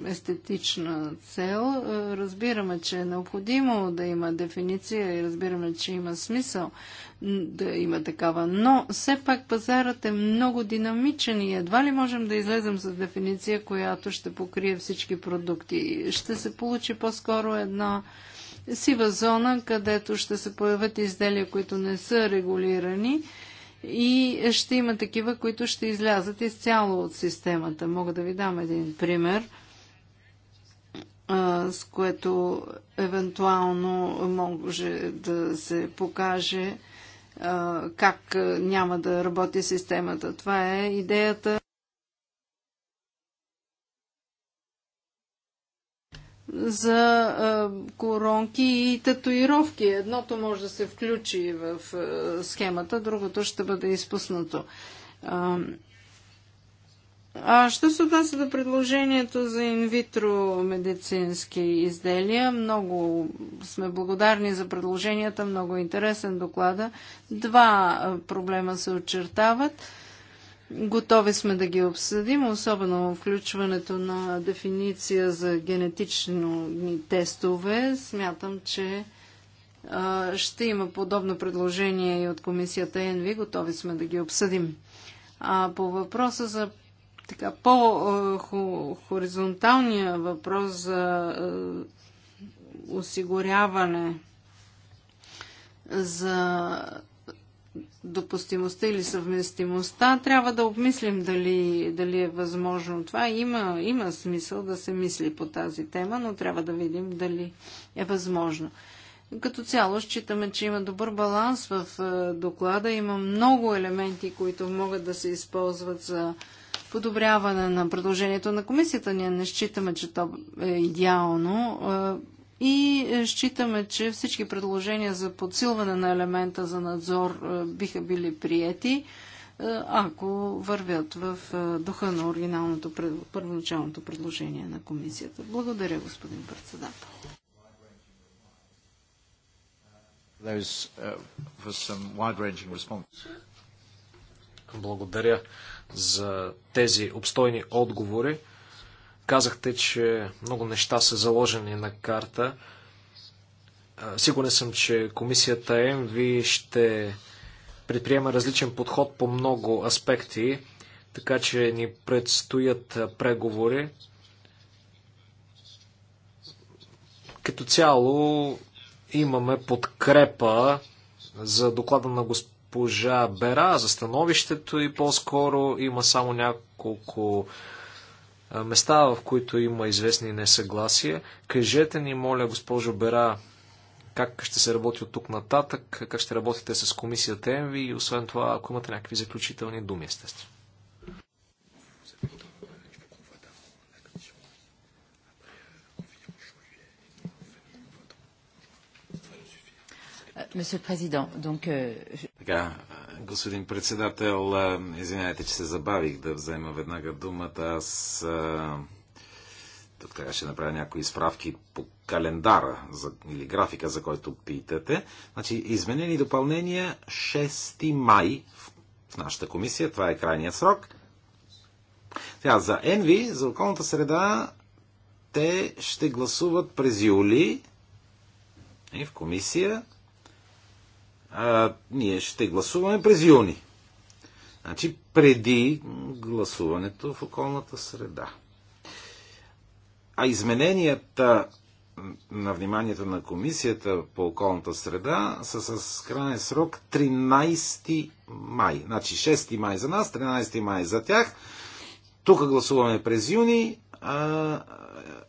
естетична цел, разбираме, че е необходимо да има дефиниция и разбираме, че има смисъл да има такава. Но все пак пазарът е много динамичен и едва ли можем да излезем с дефиниция, която ще покрие всички продукти. Ще се получи по-скоро една сива зона, където ще се появят изделия, които не са регулирани и ще има такива, които ще излязат изцяло от системата. Мога да ви дам един пример, с което евентуално може да се покаже как няма да работи системата. Това е идеята за а, коронки и татуировки. Едното може да се включи в а, схемата, другото ще бъде изпуснато. А, а що се отнася до предложението за инвитро медицински изделия, много сме благодарни за предложенията, много интересен доклада. Два проблема се очертават Готови сме да ги обсъдим, особено включването на дефиниция за генетични тестове. Смятам, че а, ще има подобно предложение и от комисията ЕНВИ. Готови сме да ги обсъдим. А по въпроса за така по-хоризонталния въпрос за осигуряване за допустимостта или съвместимостта, трябва да обмислим дали, дали е възможно това. Има, има смисъл да се мисли по тази тема, но трябва да видим дали е възможно. Като цяло считаме, че има добър баланс в е, доклада. Има много елементи, които могат да се използват за подобряване на предложението на комисията. Ние не считаме, че то е идеално. Е, и е, считаме, че всички предложения за подсилване на елемента за надзор е, биха били приети, е, ако вървят в духа на оригиналното първоначалното предложение на комисията. Благодаря, господин председател. Благодаря за тези обстойни отговори. Казахте, че много неща са заложени на карта. Сигурен съм, че комисията МВ ще предприема различен подход по много аспекти, така че ни предстоят преговори. Като цяло имаме подкрепа за доклада на госпожа Бера, за становището и по-скоро има само няколко места, в които има известни несъгласия. Кажете ни, моля, госпожо Бера, как ще се работи от тук нататък, как ще работите с комисията ЕМВИ и освен това, ако имате някакви заключителни думи, естествено. Euh, така, господин председател, извинявайте, че се забавих да взема веднага думата. Аз тук така ще направя някои изправки по календара за, или графика, за който питате. Значи, изменени допълнения 6 май в нашата комисия. Това е крайният срок. Сега, за Енви, за околната среда, те ще гласуват през юли и в комисия а, ние ще гласуваме през юни. Значи преди гласуването в околната среда. А измененията на вниманието на комисията по околната среда са с крайен срок 13 май. Значи 6 май за нас, 13 май за тях. Тук гласуваме през юни, а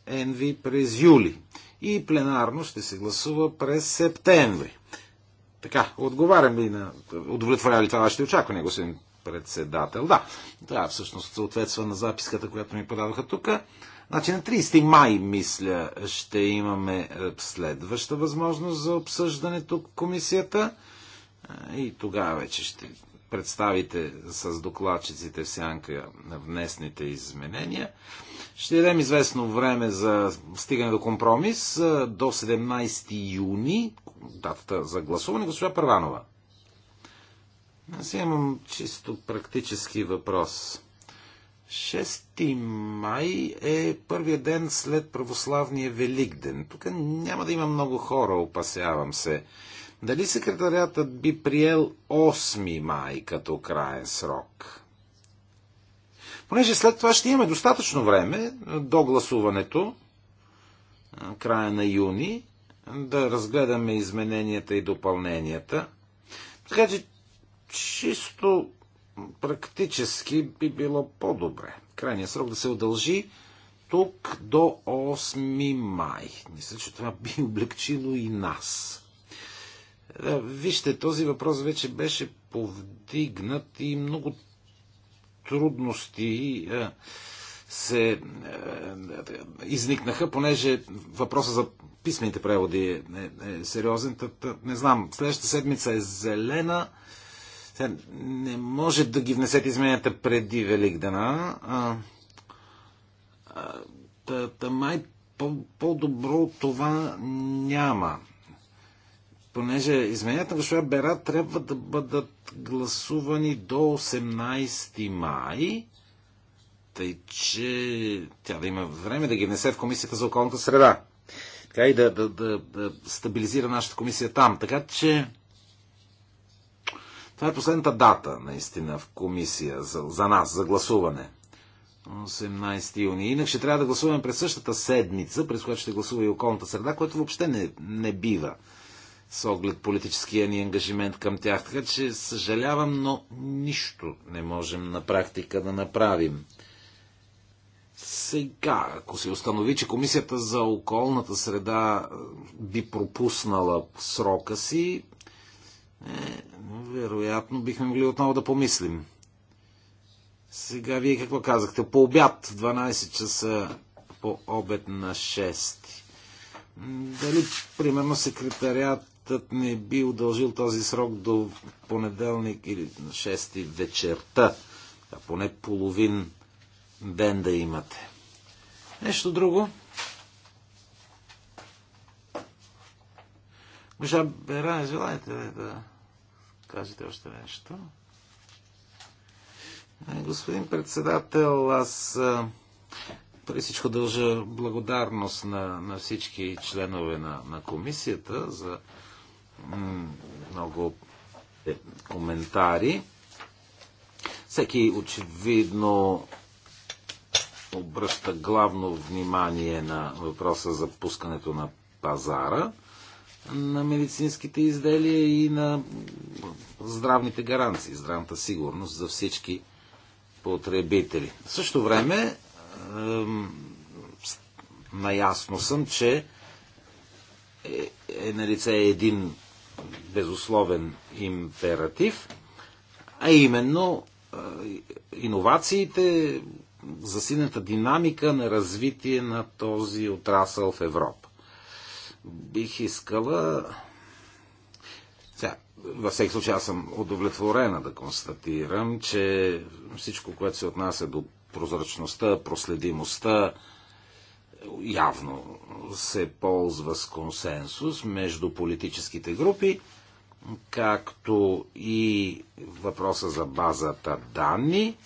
ЕНВИ през юли. И пленарно ще се гласува през септември. Така, отговарям и на... Удовлетворява ли това вашите очаквания, господин председател? Да, това всъщност съответства на записката, която ми подадоха тук. Значи на 30 май, мисля, ще имаме е, следваща възможност за обсъждането в комисията. Е, и тогава вече ще представите с докладчиците в сянка на внесните изменения. Ще дадем известно време за стигане до компромис е, до 17 юни, датата за гласуване. Госпожа Първанова. Аз имам чисто практически въпрос. 6 май е първия ден след православния Великден. Тук няма да има много хора, опасявам се. Дали секретарятът би приел 8 май като краен срок? Понеже след това ще имаме достатъчно време до гласуването, края на юни, да разгледаме измененията и допълненията. Така че чисто практически би било по-добре. Крайният срок да се удължи тук до 8 май. Мисля, че това би облегчило и нас. Е, вижте, този въпрос вече беше повдигнат и много трудности е, се е, изникнаха, понеже въпроса за писмените преводи е, е, е сериозен. Тът, не знам, следващата седмица е зелена. не може да ги внесете измененията преди Великдена. А, а, май по-добро по това няма. Понеже измененията на Шоя Бера трябва да бъдат гласувани до 18 май, тъй че тя да има време да ги внесе в Комисията за околната среда така и да, да, да, да стабилизира нашата комисия там. Така че това е последната дата, наистина, в комисия за, за нас, за гласуване. 18 юни. Инак ще трябва да гласуваме през същата седмица, през която ще гласува и околната среда, което въобще не, не бива с оглед политическия ни ангажимент към тях. Така че съжалявам, но нищо не можем на практика да направим. Сега, ако се установи, че Комисията за околната среда би пропуснала срока си, е, вероятно бихме могли отново да помислим. Сега вие какво казахте? По обяд, 12 часа по обед на 6. Дали, примерно, секретариатът не би удължил този срок до понеделник или на 6 вечерта? А поне половин ден да имате. Нещо друго? Госпожа Беране, желаете ли да кажете още нещо? Е, господин председател, аз е, преди всичко дължа благодарност на, на всички членове на, на комисията за много е, коментари. Всеки очевидно обръща главно внимание на въпроса за пускането на пазара на медицинските изделия и на здравните гаранции, здравната сигурност за всички потребители. В същото време наясно съм, че е, е на лице един безусловен императив, а именно е, иновациите, засилената динамика на развитие на този отрасъл в Европа. Бих искала. Сега, във всеки случай аз съм удовлетворена да констатирам, че всичко, което се отнася до прозрачността, проследимостта, явно се ползва с консенсус между политическите групи, както и въпроса за базата данни,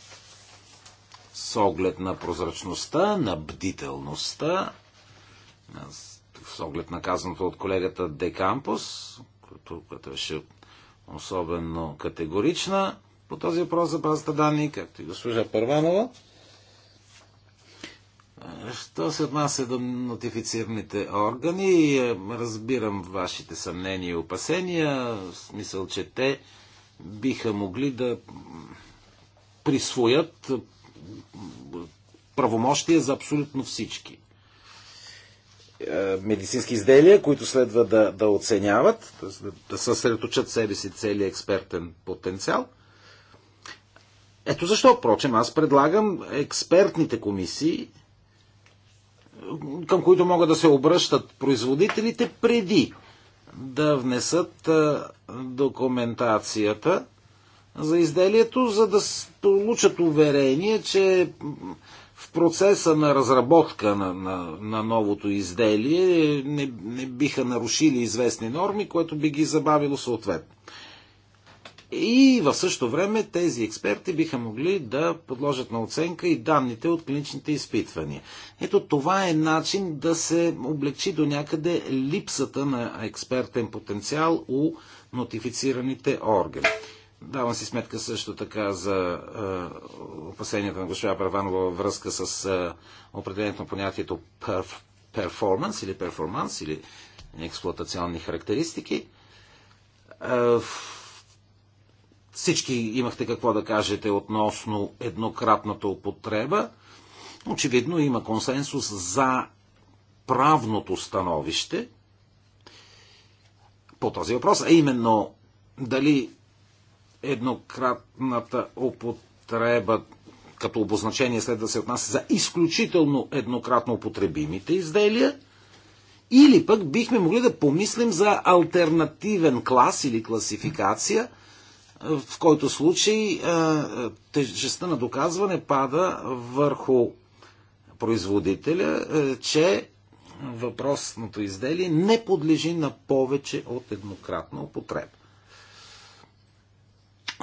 с оглед на прозрачността, на бдителността, с оглед на казаното от колегата Декампус, Кампус, която беше особено категорична по този въпрос за базата данни, както и госпожа Първанова. Е, що се отнася до нотифицираните органи, е, разбирам вашите съмнения и опасения, в смисъл, че те биха могли да присвоят правомощия за абсолютно всички е, медицински изделия, които следва да, да оценяват, да съсредоточат себе си целият експертен потенциал. Ето защо, впрочем, аз предлагам експертните комисии, към които могат да се обръщат производителите преди да внесат е, документацията за изделието, за да получат уверение, че в процеса на разработка на, на, на новото изделие не, не биха нарушили известни норми, което би ги забавило съответно. И в същото време тези експерти биха могли да подложат на оценка и данните от клиничните изпитвания. Ето това е начин да се облегчи до някъде липсата на експертен потенциал у нотифицираните органи. Давам си сметка също така за е, опасенията на госпожа Барванова във връзка с е, определението на понятието перформанс или перформанс или експлуатационни характеристики. Е, всички имахте какво да кажете относно еднократната употреба. Очевидно има консенсус за правното становище по този въпрос, а именно дали еднократната употреба като обозначение след да се отнася за изключително еднократно употребимите изделия, или пък бихме могли да помислим за альтернативен клас или класификация, в който случай е, тежестта на доказване пада върху производителя, е, че въпросното изделие не подлежи на повече от еднократна употреба.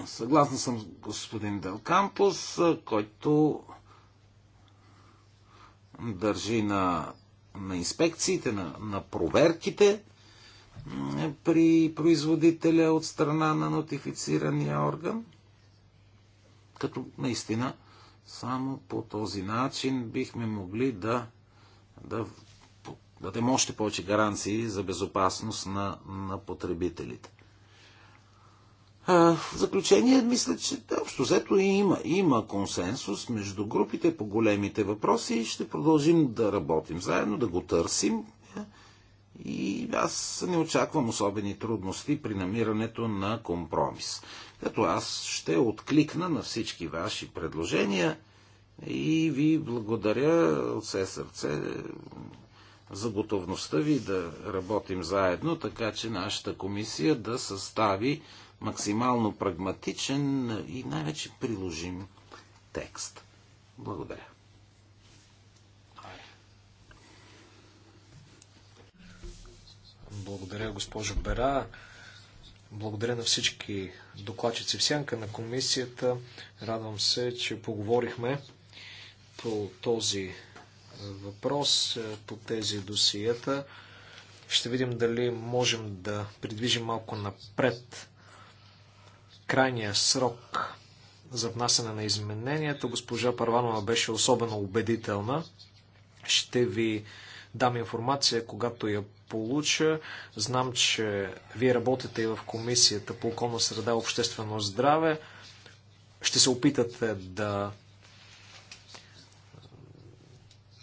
Съгласна съм с господин Делкампус, който държи на, на инспекциите, на, на проверките при производителя от страна на нотифицирания орган. Като наистина само по този начин бихме могли да, да дадем още повече гаранции за безопасност на, на потребителите. В заключение, мисля, че общо взето има, има консенсус между групите по големите въпроси и ще продължим да работим заедно, да го търсим. И аз не очаквам особени трудности при намирането на компромис. Като аз ще откликна на всички ваши предложения и ви благодаря от все сърце е, за готовността ви да работим заедно, така че нашата комисия да състави максимално прагматичен и най-вече приложим текст. Благодаря. Благодаря, госпожо Бера. Благодаря на всички докладчици в сянка на комисията. Радвам се, че поговорихме по този е, въпрос, е, по тези досиета. Ще видим дали можем да придвижим малко напред крайния срок за внасяне на измененията. Госпожа Парванова беше особено убедителна. Ще ви дам информация, когато я получа. Знам, че вие работите и в Комисията по околна среда и обществено здраве. Ще се опитате да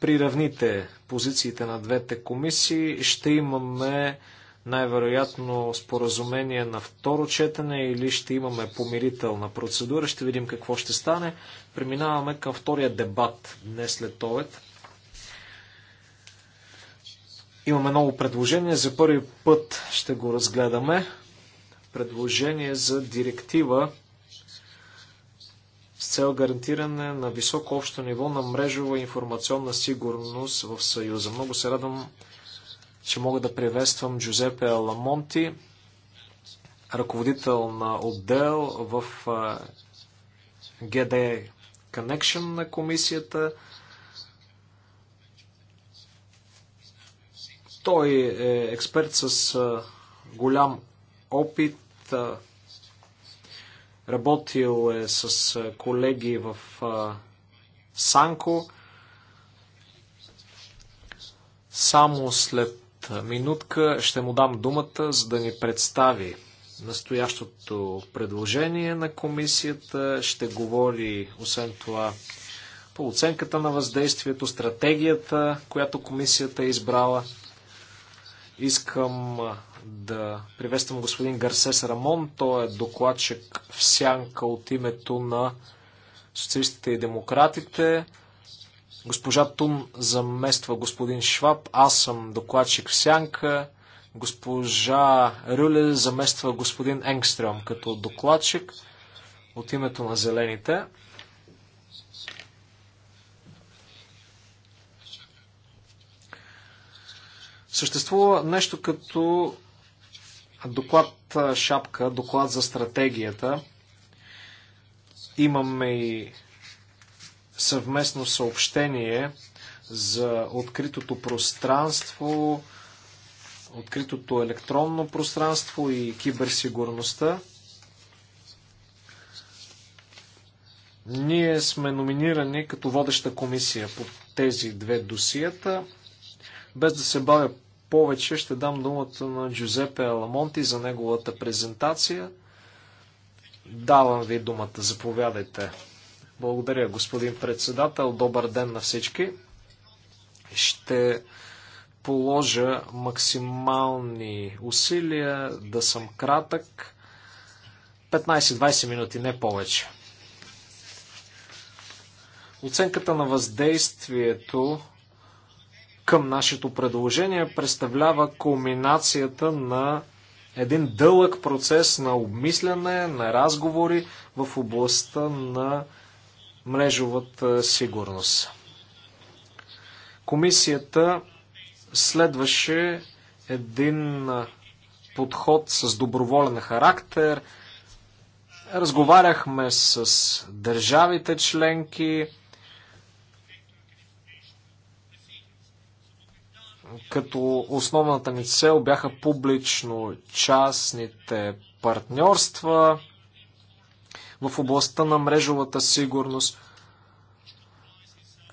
приравните позициите на двете комисии. Ще имаме най-вероятно споразумение на второ четене или ще имаме помирителна процедура. Ще видим какво ще стане. Преминаваме към втория дебат днес след обед. Имаме ново предложение. За първи път ще го разгледаме. Предложение за директива с цел гарантиране на високо общо ниво на мрежова информационна сигурност в Съюза. Много се радвам, ще мога да приветствам Джузепе Ламонти, ръководител на отдел в GD Connection на комисията. Той е експерт с голям опит. Работил е с колеги в Санко. Само след минутка ще му дам думата, за да ни представи настоящото предложение на комисията. Ще говори, освен това, по оценката на въздействието, стратегията, която комисията е избрала. Искам да приветствам господин Гарсес Рамон. Той е докладчик в сянка от името на социалистите и демократите. Госпожа Тун замества господин Шваб, аз съм докладчик в Сянка, госпожа Рюле замества господин Енгстрем като докладчик от името на зелените. Съществува нещо като доклад шапка, доклад за стратегията. Имаме и съвместно съобщение за откритото пространство, откритото електронно пространство и киберсигурността. Ние сме номинирани като водеща комисия по тези две досията. Без да се бавя повече, ще дам думата на Джузепе Аламонти за неговата презентация. Давам ви думата. Заповядайте. Благодаря, господин председател. Добър ден на всички. Ще положа максимални усилия да съм кратък. 15-20 минути, не повече. Оценката на въздействието към нашето предложение представлява кулминацията на един дълъг процес на обмисляне, на разговори в областта на мрежовата сигурност. Комисията следваше един подход с доброволен характер. Разговаряхме с държавите членки, като основната ни цел бяха публично-частните партньорства в областта на мрежовата сигурност.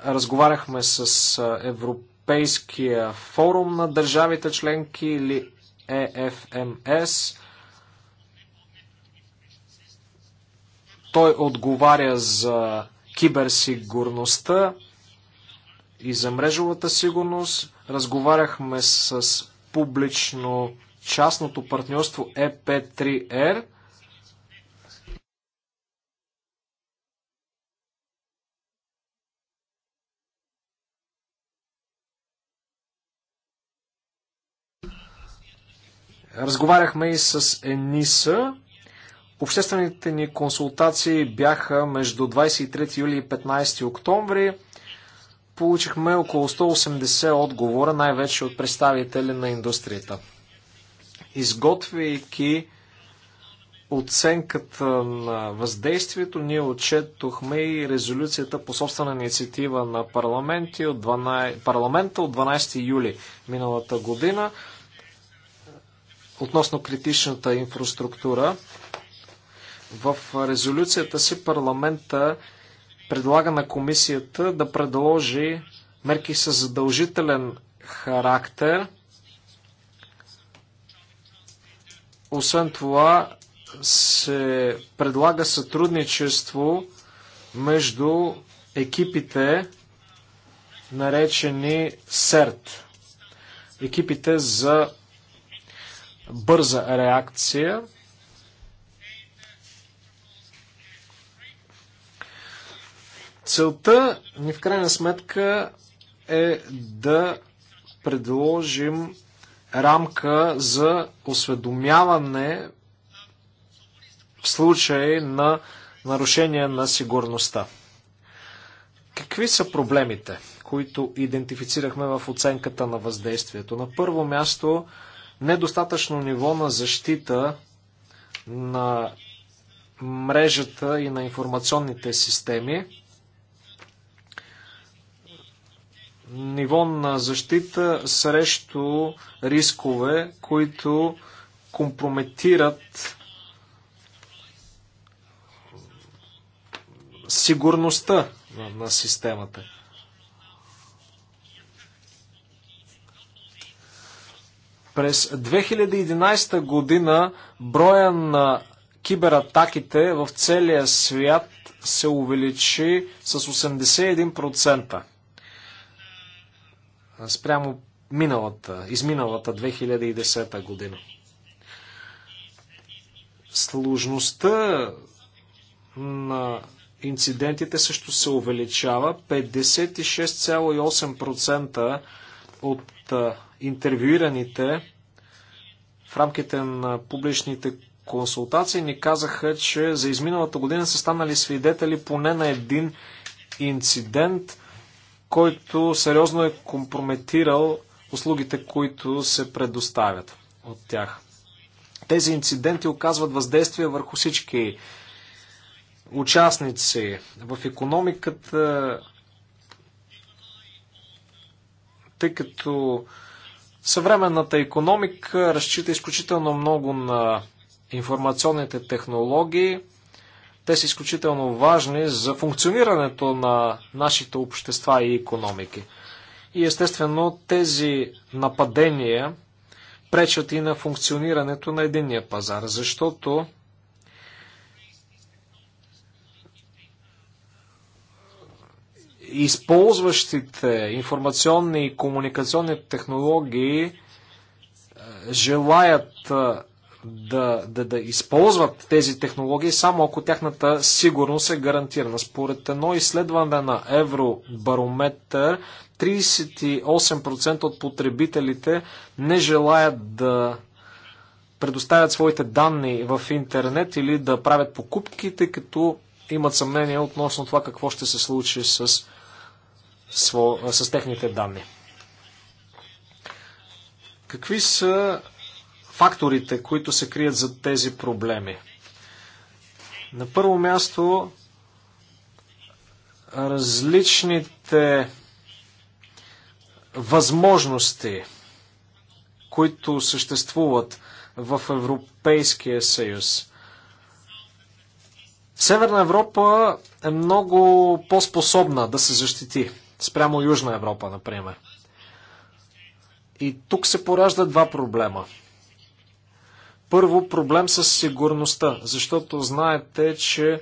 Разговаряхме с Европейския форум на държавите членки или ЕФМС. Той отговаря за киберсигурността и за мрежовата сигурност. Разговаряхме с публично частното партньорство EP3R. Е Разговаряхме и с ЕНИСА. Обществените ни консултации бяха между 23 юли и 15 октомври. Получихме около 180 отговора, най-вече от представители на индустрията. Изготвяйки оценката на въздействието, ние отчетохме и резолюцията по собствена инициатива на парламента от 12, парламента от 12 юли миналата година относно критичната инфраструктура. В резолюцията си парламента предлага на комисията да предложи мерки с задължителен характер. Освен това се предлага сътрудничество между екипите, наречени СЕРТ, екипите за бърза реакция. Целта ни в крайна сметка е да предложим рамка за осведомяване в случай на нарушение на сигурността. Какви са проблемите, които идентифицирахме в оценката на въздействието? На първо място недостатъчно ниво на защита на мрежата и на информационните системи. Ниво на защита срещу рискове, които компрометират сигурността на, на системата. През 2011 година броя на кибератаките в целия свят се увеличи с 81% спрямо миналата, изминалата 2010 година. Сложността на инцидентите също се увеличава. 56,8% от интервюираните в рамките на публичните консултации ни казаха, че за изминалата година са станали свидетели поне на един инцидент, който сериозно е компрометирал услугите, които се предоставят от тях. Тези инциденти оказват въздействие върху всички участници в економиката, тъй като съвременната економика разчита изключително много на информационните технологии. Те са изключително важни за функционирането на нашите общества и економики. И естествено тези нападения пречат и на функционирането на единния пазар, защото използващите информационни и комуникационни технологии е, желаят е, да, да, да използват тези технологии, само ако тяхната сигурност е гарантирана. Според едно изследване на Евробарометър, 38% от потребителите не желаят да предоставят своите данни в интернет или да правят покупките, като имат съмнение относно това какво ще се случи с с техните данни. Какви са факторите, които се крият за тези проблеми? На първо място, различните възможности, които съществуват в Европейския съюз. Северна Европа е много по-способна да се защити спрямо Южна Европа, например. И тук се пораждат два проблема. Първо, проблем с сигурността, защото знаете, че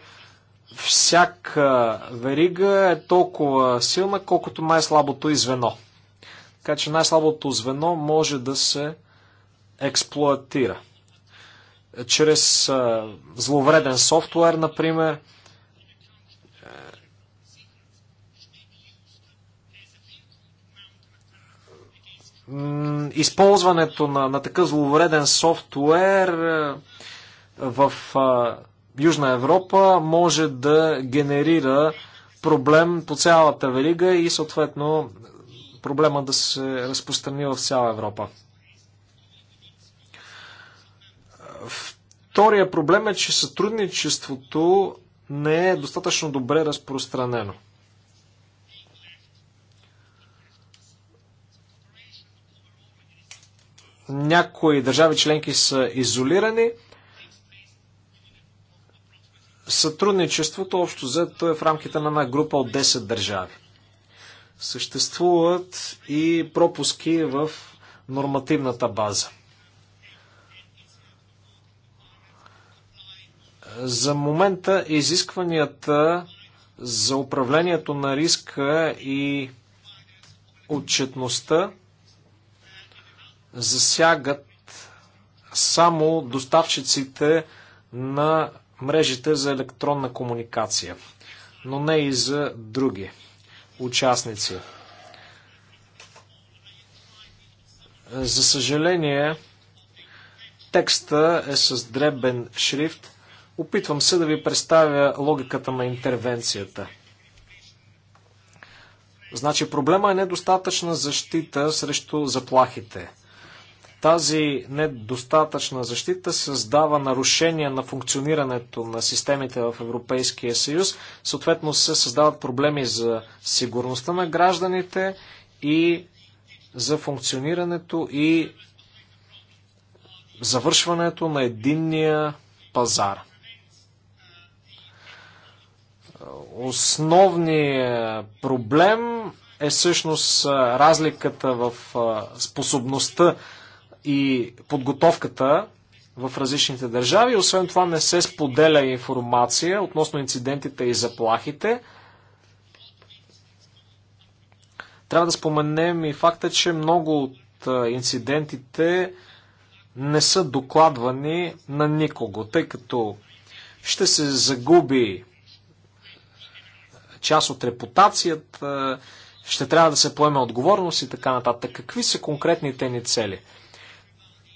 всяка верига е толкова силна, колкото най-слабото и звено. Така че най-слабото звено може да се експлуатира. Чрез зловреден софтуер, например, използването на, на такъв зловреден софтуер е, в а, Южна Европа може да генерира проблем по цялата верига и съответно проблема да се разпространи в цяла Европа. Втория проблем е, че сътрудничеството не е достатъчно добре разпространено. Някои държави членки са изолирани. Сътрудничеството общо взето е в рамките на една група от 10 държави. Съществуват и пропуски в нормативната база. За момента изискванията за управлението на риска и отчетността засягат само доставчиците на мрежите за електронна комуникация, но не и за други участници. За съжаление, текста е с дребен шрифт. Опитвам се да ви представя логиката на интервенцията. Значи проблема е недостатъчна защита срещу заплахите – тази недостатъчна защита създава нарушения на функционирането на системите в Европейския съюз. Съответно се създават проблеми за сигурността на гражданите и за функционирането и завършването на единния пазар. Основният проблем е всъщност разликата в способността и подготовката в различните държави. Освен това не се споделя информация относно инцидентите и заплахите. Трябва да споменем и факта, че много от инцидентите не са докладвани на никого, тъй като ще се загуби част от репутацията, ще трябва да се поеме отговорност и така нататък. Какви са конкретните ни цели?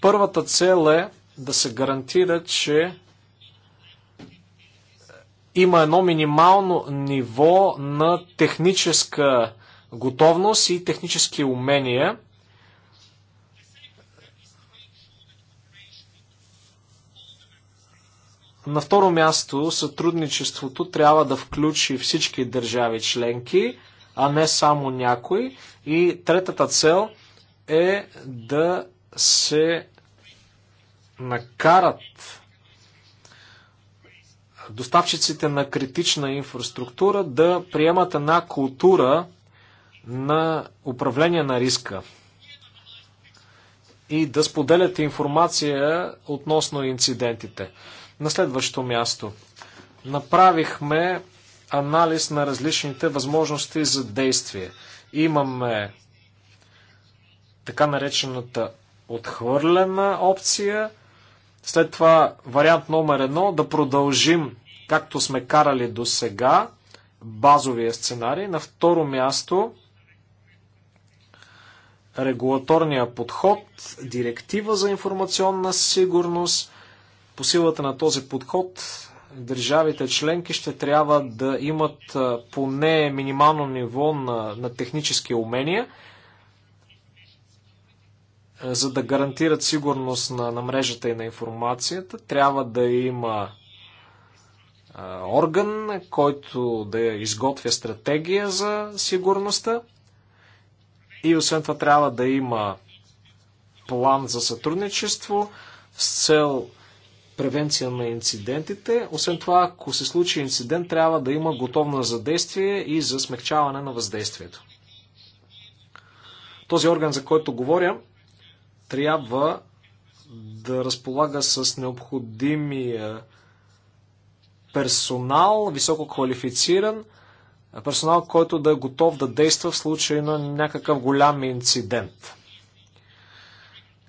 Първата цел е да се гарантира, че има едно минимално ниво на техническа готовност и технически умения. На второ място, сътрудничеството трябва да включи всички държави членки, а не само някои. И третата цел е да се накарат доставчиците на критична инфраструктура да приемат една култура на управление на риска и да споделят информация относно инцидентите. На следващо място направихме анализ на различните възможности за действие. Имаме така наречената отхвърлена опция. След това вариант номер едно да продължим както сме карали до сега, базовия сценарий. На второ място регулаторния подход, директива за информационна сигурност. По силата на този подход държавите членки ще трябва да имат поне минимално ниво на, на технически умения – е, за да гарантират сигурност на, на мрежата и на информацията, трябва да има а, е, орган, който да изготвя стратегия за сигурността и освен това трябва да има план за сътрудничество с цел превенция на инцидентите. Освен това, ако се случи инцидент, трябва да има готовност за действие и за смягчаване на въздействието. Този орган, за който говоря, трябва да разполага с необходимия персонал, високо квалифициран, персонал, който да е готов да действа в случай на някакъв голям инцидент,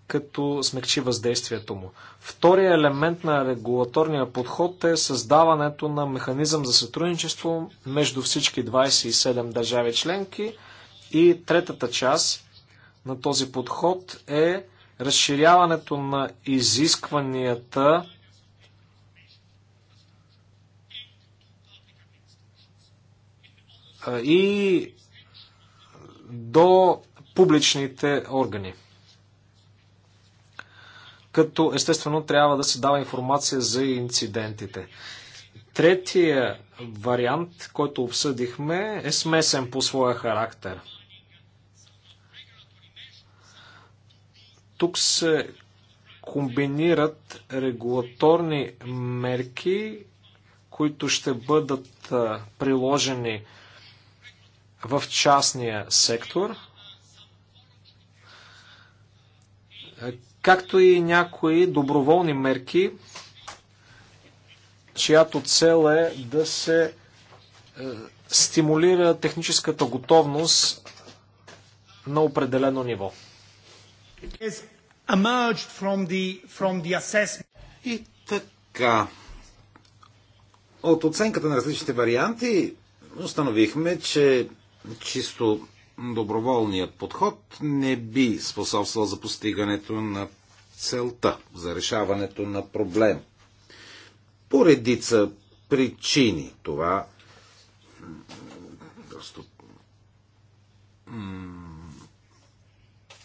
като смекчи въздействието му. Втория елемент на регулаторния подход е създаването на механизъм за сътрудничество между всички 27 държави членки и третата част – на този подход е разширяването на изискванията и до публичните органи. Като естествено трябва да се дава информация за инцидентите. Третия вариант, който обсъдихме, е смесен по своя характер – Тук се комбинират регулаторни мерки, които ще бъдат приложени в частния сектор, както и някои доброволни мерки, чиято цел е да се е, стимулира техническата готовност на определено ниво. From the, from the И така, от оценката на различните варианти установихме, че чисто доброволният подход не би способствал за постигането на целта, за решаването на проблем. По редица причини това просто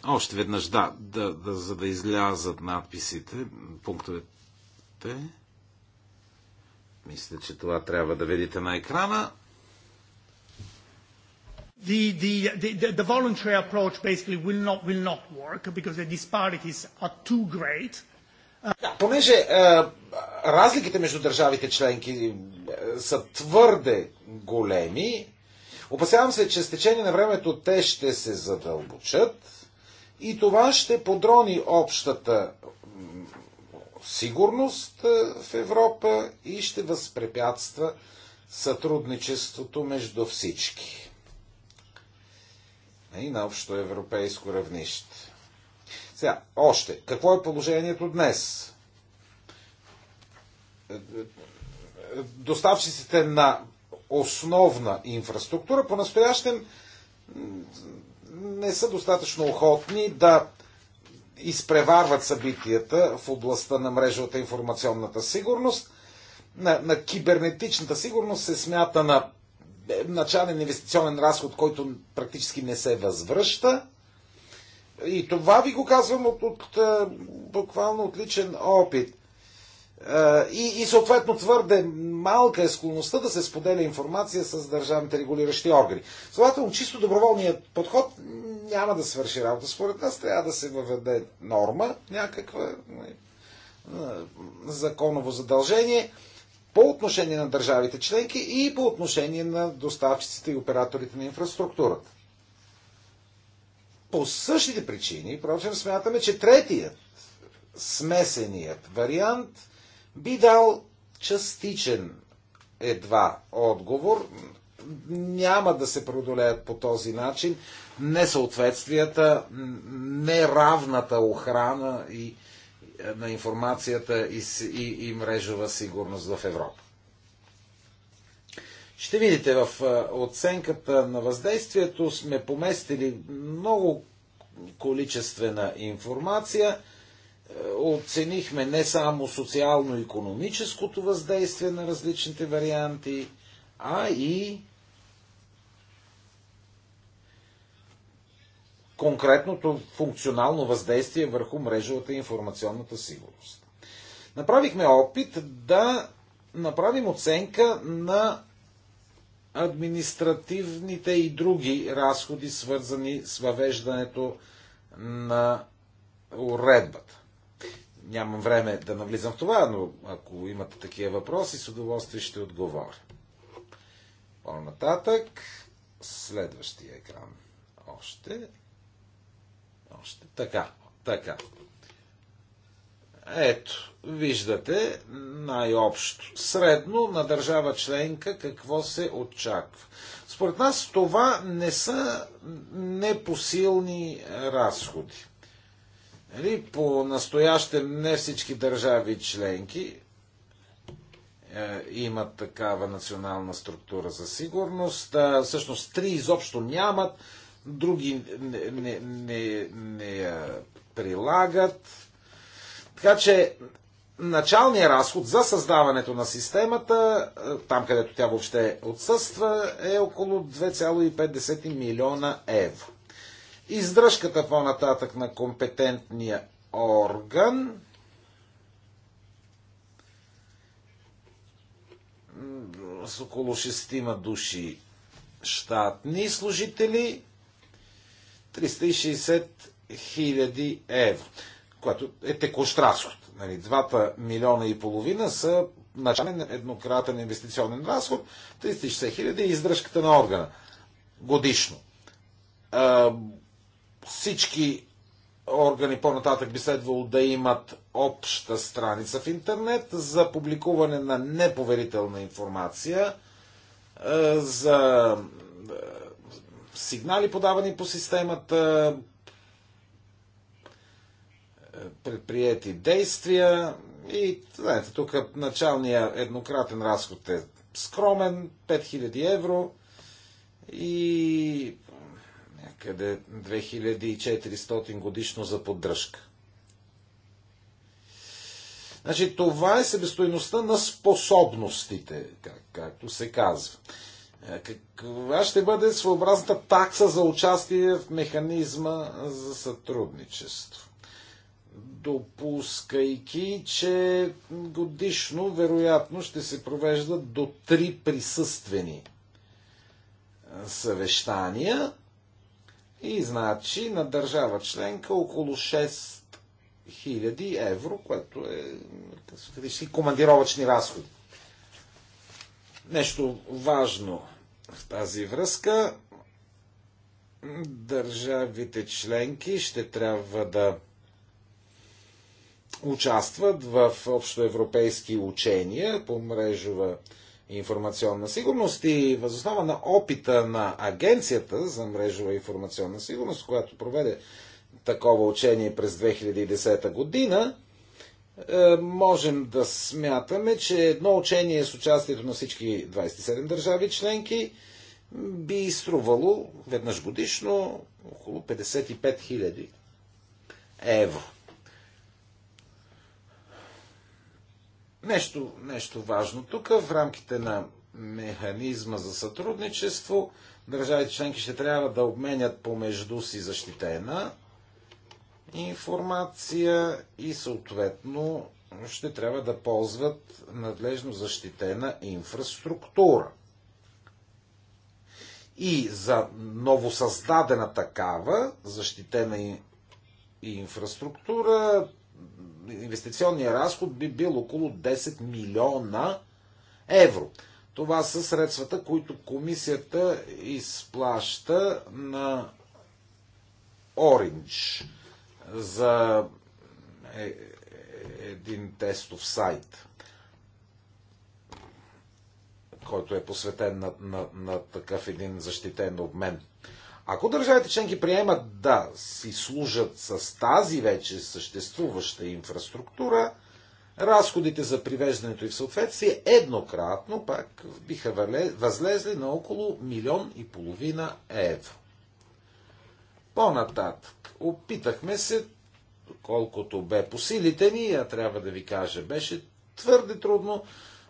още веднъж, да, да, да за да излязат надписите, пунктовете. Мисля, че това трябва да видите на екрана. The, the, the, the voluntary approach basically will not, will not work because the disparities are too great. Да, понеже е, разликите между държавите членки е, са твърде големи, опасявам се, че с течение на времето те ще се задълбочат и това ще подрони общата сигурност е, в Европа и ще възпрепятства сътрудничеството между всички. И на общо европейско равнище. Сега, още, какво е положението днес? Е, е, доставчиците на основна инфраструктура по-настоящем не са достатъчно охотни да изпреварват събитията в областта на мрежата информационната сигурност. На, на кибернетичната сигурност се смята на е, начален инвестиционен разход, който практически не се възвръща. И това ви го казвам от, от е, буквално отличен опит. Е, и, и съответно твърде малка е склонността да се споделя информация с държавните регулиращи органи. Следователно, чисто доброволният подход няма да свърши работа. Според нас трябва да се въведе норма, някаква нали, е, законово задължение по отношение на държавите членки и по отношение на доставчиците и операторите на инфраструктурата. По същите причини, впрочем, смятаме, че третият смесеният вариант – би дал частичен едва отговор. Няма да се преодолеят по този начин несъответствията, неравната охрана и, е, на информацията и, и, и мрежова сигурност в Европа. Ще видите в е, оценката на въздействието сме поместили много количествена информация – оценихме не само социално-економическото въздействие на различните варианти, а и конкретното функционално въздействие върху мрежовата и информационната сигурност. Направихме опит да направим оценка на административните и други разходи, свързани с въвеждането на уредбата. Нямам време да навлизам в това, но ако имате такива въпроси, с удоволствие ще отговоря. По-нататък, следващия екран. Още. Още. Така. Така. Ето, виждате най-общо. Средно на държава членка какво се очаква. Според нас това не са непосилни разходи. Нали, по настоящем не всички държави членки е, имат такава национална структура за сигурност. А, всъщност три изобщо нямат, други не, не, не, не я прилагат. Така че началният разход за създаването на системата, е, там където тя въобще отсъства, е около 2,5 милиона евро издръжката по-нататък на компетентния орган с около 6 души щатни служители 360 000 евро, което е текущ разход. Нали, 2 милиона и половина са начален еднократен инвестиционен разход, 360 000 е издръжката на органа годишно. Всички органи по-нататък би следвало да имат обща страница в интернет за публикуване на неповерителна информация, е, за е, сигнали подавани по системата, е, предприяти действия и, знаете, тук началният еднократен разход е скромен, 5000 евро и някъде 2400 годишно за поддръжка. Значи това е себестоеността на способностите, как, както се казва. Е, каква ще бъде своеобразната такса за участие в механизма за сътрудничество? Допускайки, че годишно, вероятно, ще се провеждат до три присъствени е, съвещания, и значи на държава членка около 6 000 евро, което е командировъчни разходи. Нещо важно в тази връзка държавите членки ще трябва да участват в общоевропейски учения по мрежова информационна сигурност и възоснова на опита на Агенцията за мрежова информационна сигурност, която проведе такова учение през 2010 година, е, можем да смятаме, че едно учение с участието на всички 27 държави членки би струвало веднъж годишно около 55 000 евро. Нещо, нещо важно тук в рамките на механизма за сътрудничество държавите членки ще трябва да обменят помежду си защитена информация и съответно ще трябва да ползват надлежно защитена инфраструктура. И за новосъздадена такава защитена инфраструктура Инвестиционния разход би бил около 10 милиона евро. Това са средствата, които комисията изплаща на Orange за е, е, един тестов сайт, който е посветен на, на, на такъв един защитен обмен. Ако държавите членки приемат да си служат с тази вече съществуваща инфраструктура, разходите за привеждането и в съответствие еднократно пак биха възлезли на около милион и половина евро. По-нататък, опитахме се, колкото бе по силите ни, а трябва да ви кажа, беше твърде трудно,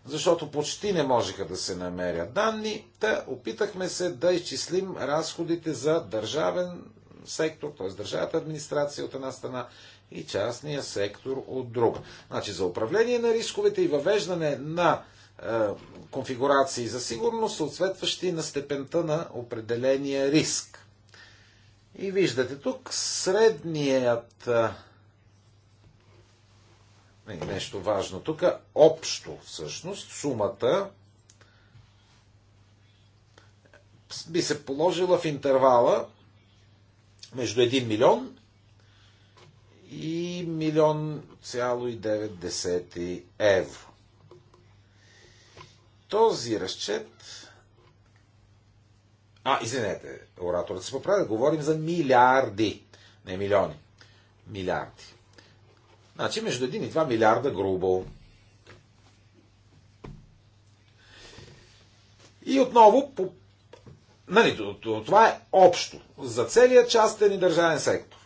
защото почти не можеха да се намерят данни, та опитахме се да изчислим разходите за държавен сектор, т.е. държавната администрация от една страна и частния сектор от друга. Значи за управление на рисковете и въвеждане на е, конфигурации за сигурност, съответстващи на степента на определения риск. И виждате тук средният е, нещо важно тук. Е общо, всъщност, сумата би се положила в интервала между 1 милион и милион цяло и 9 евро. Този разчет а, извинете, ораторът се поправя. Говорим за милиарди, не милиони. Милиарди. Значи между 1 и 2 милиарда грубо. И отново, по... нали, това е общо за целият частен и държавен сектор.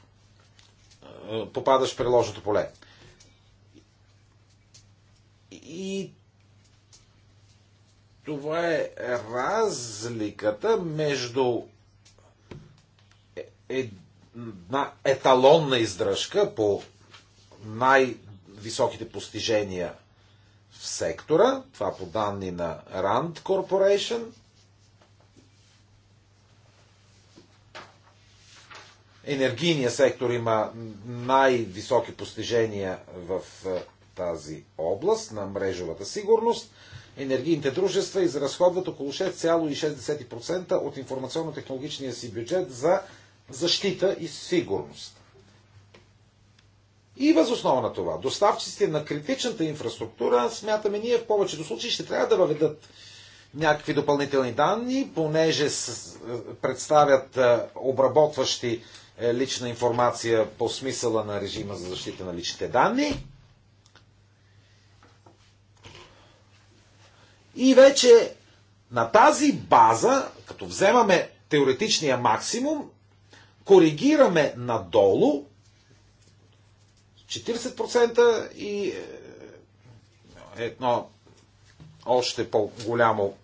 Е, попадаш в приложното поле. И това е разликата между е, една еталонна издръжка по най-високите постижения в сектора. Това по данни на Rand Corporation. Енергийният сектор има най-високи постижения в е, тази област на мрежовата сигурност. Енергийните дружества изразходват около 6,6% от информационно-технологичния си бюджет за защита и сигурност. И възоснова на това, доставчиците на критичната инфраструктура, смятаме ние в повечето случаи ще трябва да въведат някакви допълнителни данни, понеже е, представят е, обработващи е, лична информация по смисъла на режима за защита на личните данни. И вече на тази база, като вземаме теоретичния максимум, коригираме надолу 40% и е, едно още по-голямо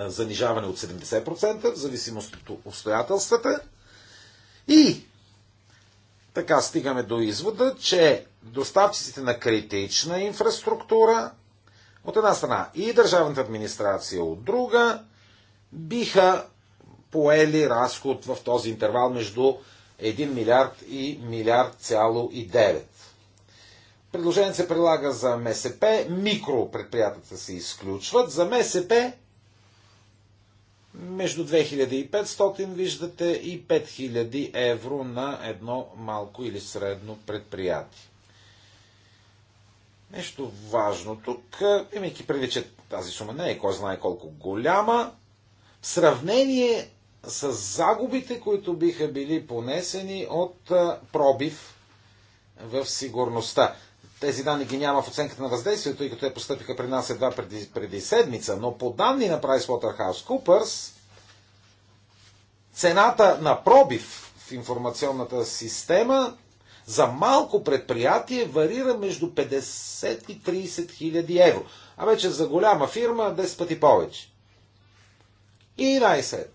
е, занижаване от 70%, в зависимост от обстоятелствата. И така стигаме до извода, че доставчиците на критична инфраструктура от една страна и държавната администрация от друга биха поели разход в този интервал между 1 милиард и милиард цяло и 9. Предложението се прилага за МСП, микропредприятията се изключват, за МСП между 2500 виждате и 5000 евро на едно малко или средно предприятие. Нещо важно тук, имайки преди, че тази сума не е кой знае колко голяма, в сравнение с загубите, които биха били понесени от пробив в сигурността. Тези данни ги няма в оценката на въздействието, тъй като те постъпиха при нас едва преди, преди седмица, но по данни на PricewaterhouseCoopers, цената на пробив в информационната система за малко предприятие варира между 50 и 30 хиляди евро. А вече за голяма фирма 10 пъти повече. И най-сетне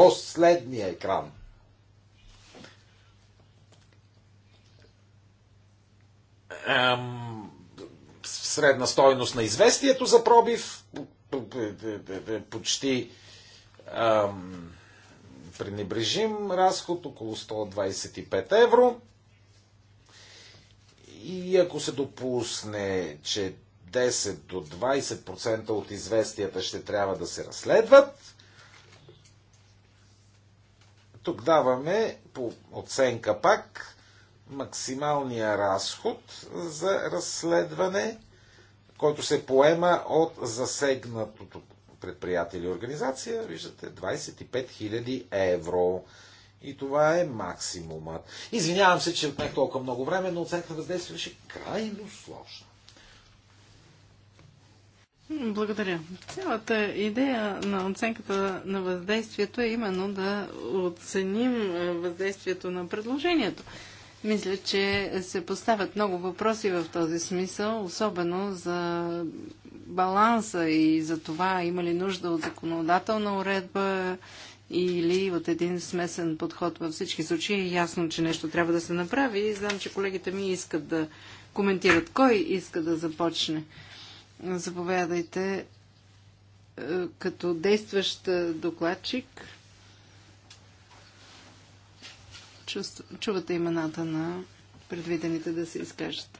последния екран. средна стойност на известието за пробив почти пренебрежим разход около 125 евро. И ако се допусне, че 10 до 20% от известията ще трябва да се разследват, тук даваме по оценка пак максималния разход за разследване, който се поема от засегнатото предприятие или организация, виждате, 25 000 евро. И това е максимумът. Извинявам се, че отнех толкова много време, но оценката въздействие беше крайно сложна. Благодаря. Цялата идея на оценката на въздействието е именно да оценим е, въздействието на предложението. Мисля, че се поставят много въпроси в този смисъл, особено за баланса и за това има ли нужда от законодателна уредба или от един смесен подход. Във всички случаи е ясно, че нещо трябва да се направи и знам, че колегите ми искат да коментират кой иска да започне. Заповядайте е, като действащ докладчик. Чувате имената на предвидените да се изкажат.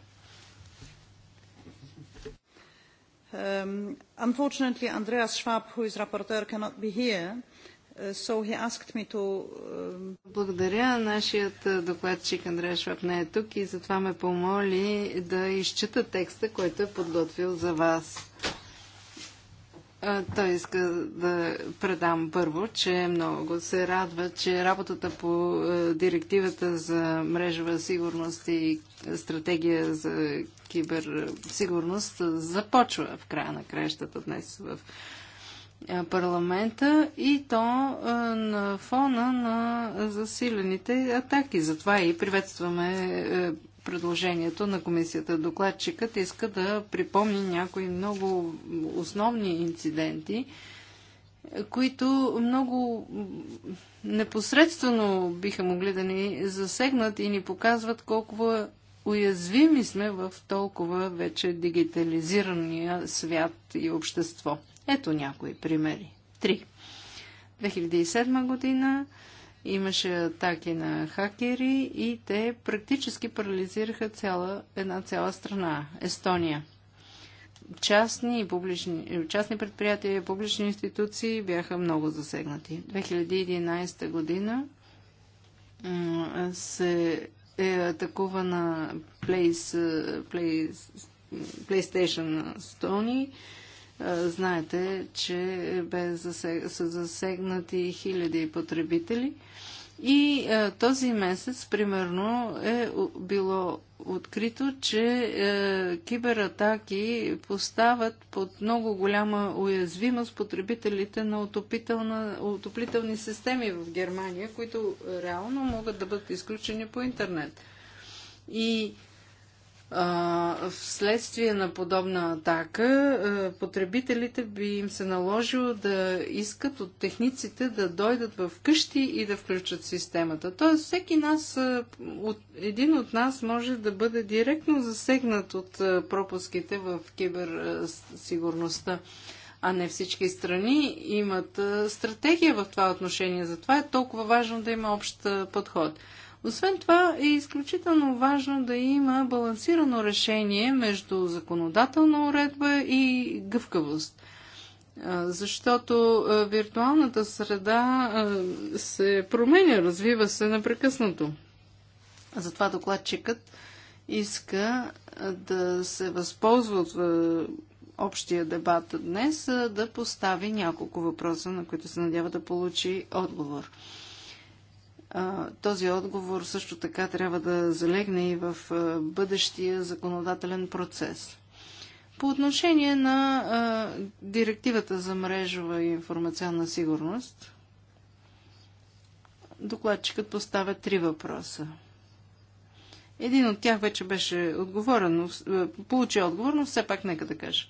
Um, unfortunately, Andreas Schwab, who is rapporteur, cannot be here. Uh, um, Благодаря. Нашият докладчик Андрея Шваб не е тук и затова ме помоли да изчита текста, който е подготвил за вас. Той иска да предам първо, че много се радва, че работата по директивата за мрежова сигурност и стратегия за киберсигурност започва в края на краищата днес в е, парламента и то е, на фона на засилените атаки. Затова и приветстваме е, предложението на комисията. Докладчикът иска да припомни някои много основни инциденти, които много непосредствено биха могли да ни засегнат и ни показват колко уязвими сме в толкова вече дигитализирания свят и общество. Ето някои примери. Три. 2007 година имаше атаки на хакери и те практически парализираха цяла, една цяла страна – Естония. Частни, и публични, частни предприятия и публични институции бяха много засегнати. 2011 година се е на Place, Place, PlayStation Stony. Знаете, че бе засег... са засегнати хиляди потребители. И е, този месец, примерно, е било открито, че е, кибератаки поставят под много голяма уязвимост потребителите на отоплителни системи в Германия, които реално могат да бъдат изключени по интернет. И вследствие на подобна атака потребителите би им се наложило да искат от техниците да дойдат в къщи и да включат системата. Тоест всеки нас, от, един от нас може да бъде директно засегнат от пропуските в киберсигурността. А не всички страни имат стратегия в това отношение. Затова е толкова важно да има общ подход. Освен това е изключително важно да има балансирано решение между законодателна уредба и гъвкавост. Защото виртуалната среда се променя, развива се напрекъснато. Затова докладчикът иска да се възползва от общия дебат днес, да постави няколко въпроса, на които се надява да получи отговор. Този отговор също така трябва да залегне и в бъдещия законодателен процес. По отношение на директивата за мрежова и информационна сигурност, докладчикът поставя три въпроса. Един от тях вече беше отговорен, получи отговор, но все пак нека да кажа.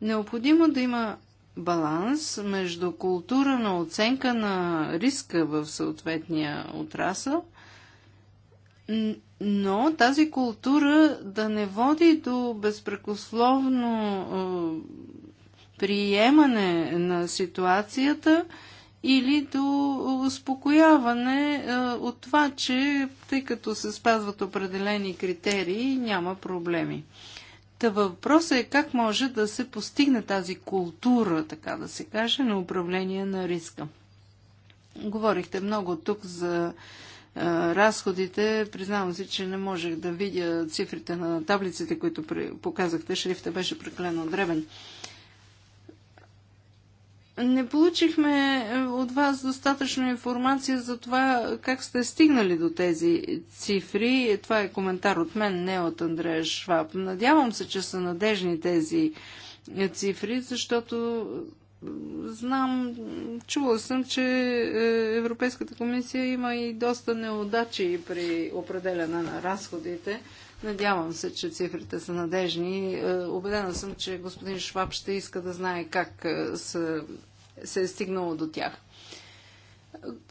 Необходимо да има баланс между култура на оценка на риска в съответния отрасъл, но тази култура да не води до безпрекословно приемане на ситуацията или до успокояване от това, че тъй като се спазват определени критерии, няма проблеми. Та въпросът е как може да се постигне тази култура, така да се каже, на управление на риска. Говорихте много тук за разходите. Признавам си, че не можех да видя цифрите на таблиците, които показахте. Шрифта беше прекалено дребен. Не получихме е, от вас достатъчно информация за това как сте стигнали до тези цифри. Това е коментар от мен, не от Андрея Шваб. Надявам се, че са надежни тези е, цифри, защото е, знам, чула съм, че Европейската комисия има и доста неудачи при определяне на разходите. Надявам се, че цифрите са надежни. Обедена съм, че господин Шваб ще иска да знае как са се е стигнало до тях.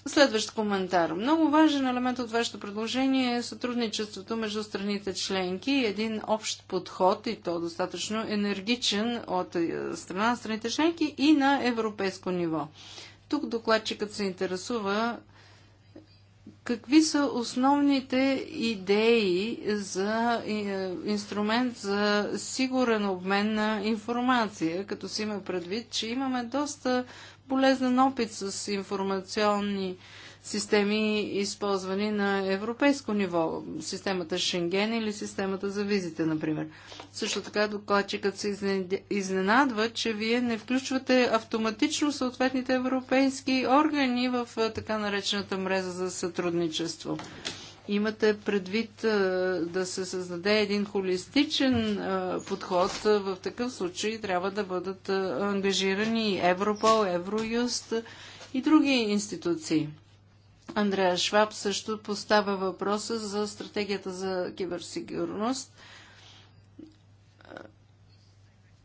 Следващ коментар. Много важен елемент от вашето предложение е сътрудничеството между страните членки и един общ подход, и то достатъчно енергичен от е, страна на страните членки и на европейско ниво. Тук докладчикът се интересува Какви са основните идеи за е, инструмент за сигурен обмен на информация, като си има предвид, че имаме доста полезен опит с информационни системи, използвани на европейско ниво, системата Шенген или системата за визите, например. Също така докладчикът се изненадва, че вие не включвате автоматично съответните европейски органи в така наречената мреза за сътрудничество. Имате предвид да се създаде един холистичен подход. В такъв случай трябва да бъдат ангажирани Европол, Евроюст и други институции. Андрея Шваб също поставя въпроса за стратегията за киберсигурност.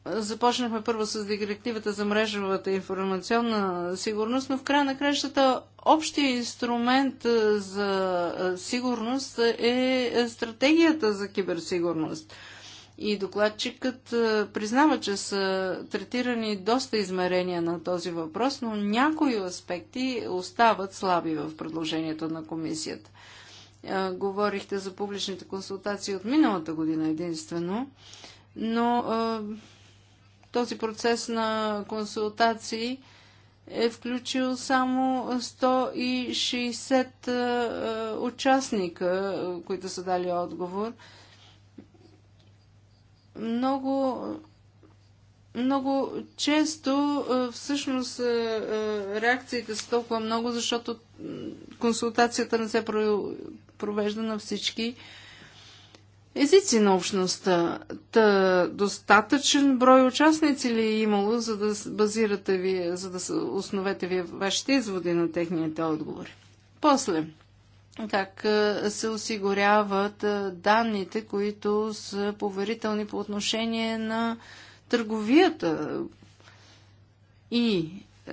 Започнахме първо с директивата за мрежовата информационна сигурност, но в края на кращата общия инструмент е, за е, сигурност е стратегията за киберсигурност. И докладчикът е, признава, че са третирани доста измерения на този въпрос, но някои аспекти остават слаби в предложението на комисията. Е, говорихте за публичните консултации от миналата година единствено, но е, този процес на консултации е включил само 160 участника, които са дали отговор много много често всъщност реакциите са толкова много, защото консултацията не се провежда на всички езици на общността. Та достатъчен брой участници ли е имало, за да базирате вие, за да основете вие вашите изводи на техните отговори? После – как е, се осигуряват е, данните, които са поверителни по отношение на търговията. И е,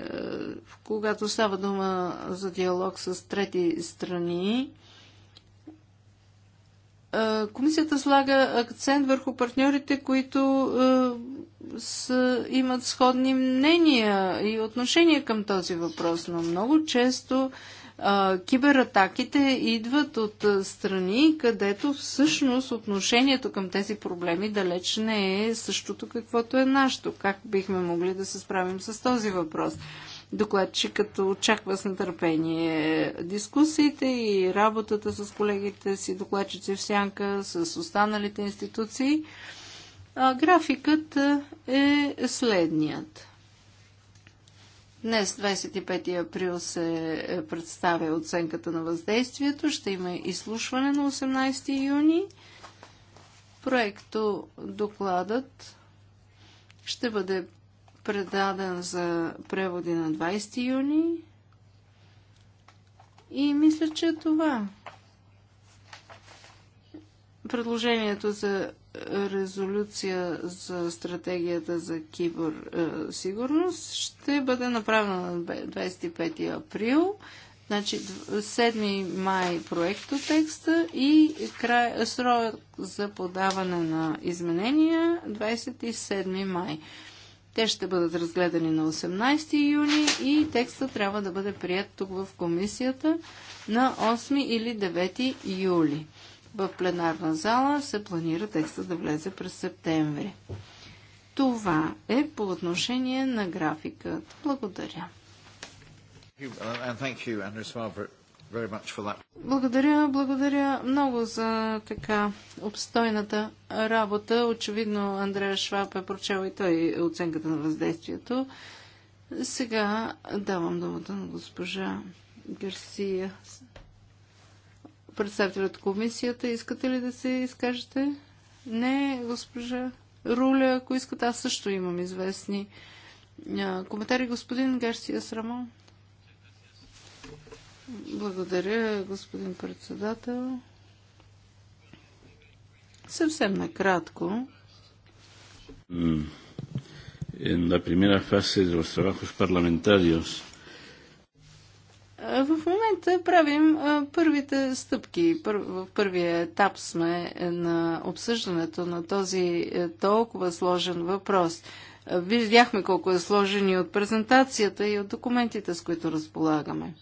когато става дума за диалог с трети страни, комисията слага акцент върху партньорите, които са, имат сходни мнения и отношения към този въпрос, но много често кибератаките идват от страни, където всъщност отношението към тези проблеми далеч не е същото каквото е нашето. Как бихме могли да се справим с този въпрос? Докладчикът очаква с нетърпение дискусиите и работата с колегите си, докладчици в сянка, с останалите институции. А графикът е следният – Днес, 25 април, се е представя оценката на въздействието. Ще има изслушване на 18 юни. Проекто докладът ще бъде предаден за преводи на 20 юни. И мисля, че това. Предложението за резолюция за стратегията за киберсигурност е, ще бъде направена на 25 април. Значи 7 май проекто текста и край, срок за подаване на изменения 27 май. Те ще бъдат разгледани на 18 юни и текста трябва да бъде прият тук в комисията на 8 или 9 юли в пленарна зала се планира текста да влезе през септември. Това е по отношение на графикът. Благодаря. Благодаря, благодаря много за така обстойната работа. Очевидно Андрея Шваб е прочел и той оценката на въздействието. Сега давам думата на госпожа Гарсия Председателят комисията, искате ли да се изкажете? Не, госпожа Руля, ако искате, аз също имам известни коментари. Господин Гарсия Срамон. Благодаря, господин председател. Съвсем накратко. En la primera fase de los trabajos parlamentarios в момента правим първите стъпки. В първия етап сме на обсъждането на този е, толкова сложен въпрос. Видяхме колко е сложен и от презентацията, и от документите, с които разполагаме.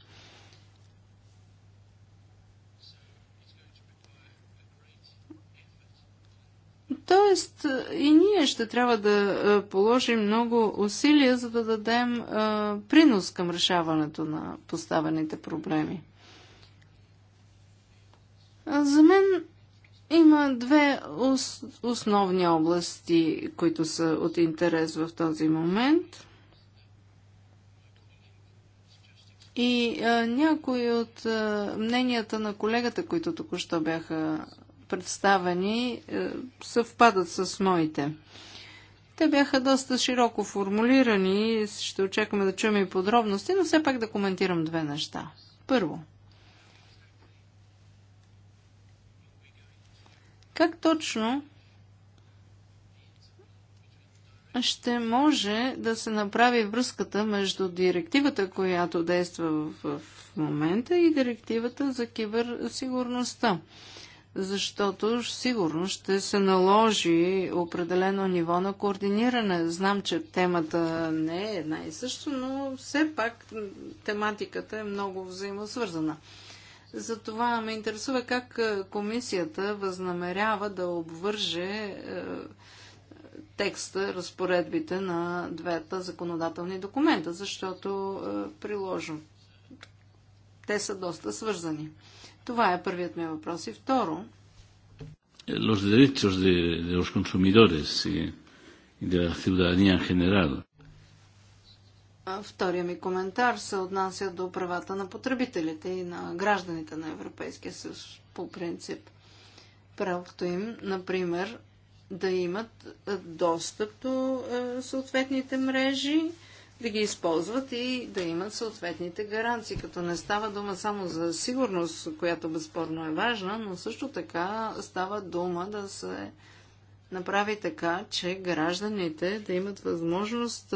Тоест и ние ще трябва да положим много усилия, за да дадем принос към решаването на поставените проблеми. За мен има две основни области, които са от интерес в този момент. И а, някои от а, мненията на колегата, които току-що бяха представени е, съвпадат с моите. Те бяха доста широко формулирани, ще очакваме да чуем и подробности, но все пак да коментирам две неща. Първо, как точно ще може да се направи връзката между директивата, която действа в момента и директивата за киберсигурността защото сигурно ще се наложи определено ниво на координиране. Знам, че темата не е една и също, но все пак тематиката е много взаимосвързана. Затова ме интересува как е, комисията възнамерява да обвърже е, текста, разпоредбите на двете законодателни документа, защото е, приложим. Те са доста свързани. Това е първият ми въпрос. И второ. Los derechos de, de los consumidores y de la ciudadanía en general. Втория ми коментар се отнася до правата на потребителите и на гражданите на Европейския съюз по принцип. Правото им, например, да имат достъп до съответните мрежи, да ги използват и да имат съответните гаранции, като не става дума само за сигурност, която безспорно е важна, но също така става дума да се направи така, че гражданите да имат възможност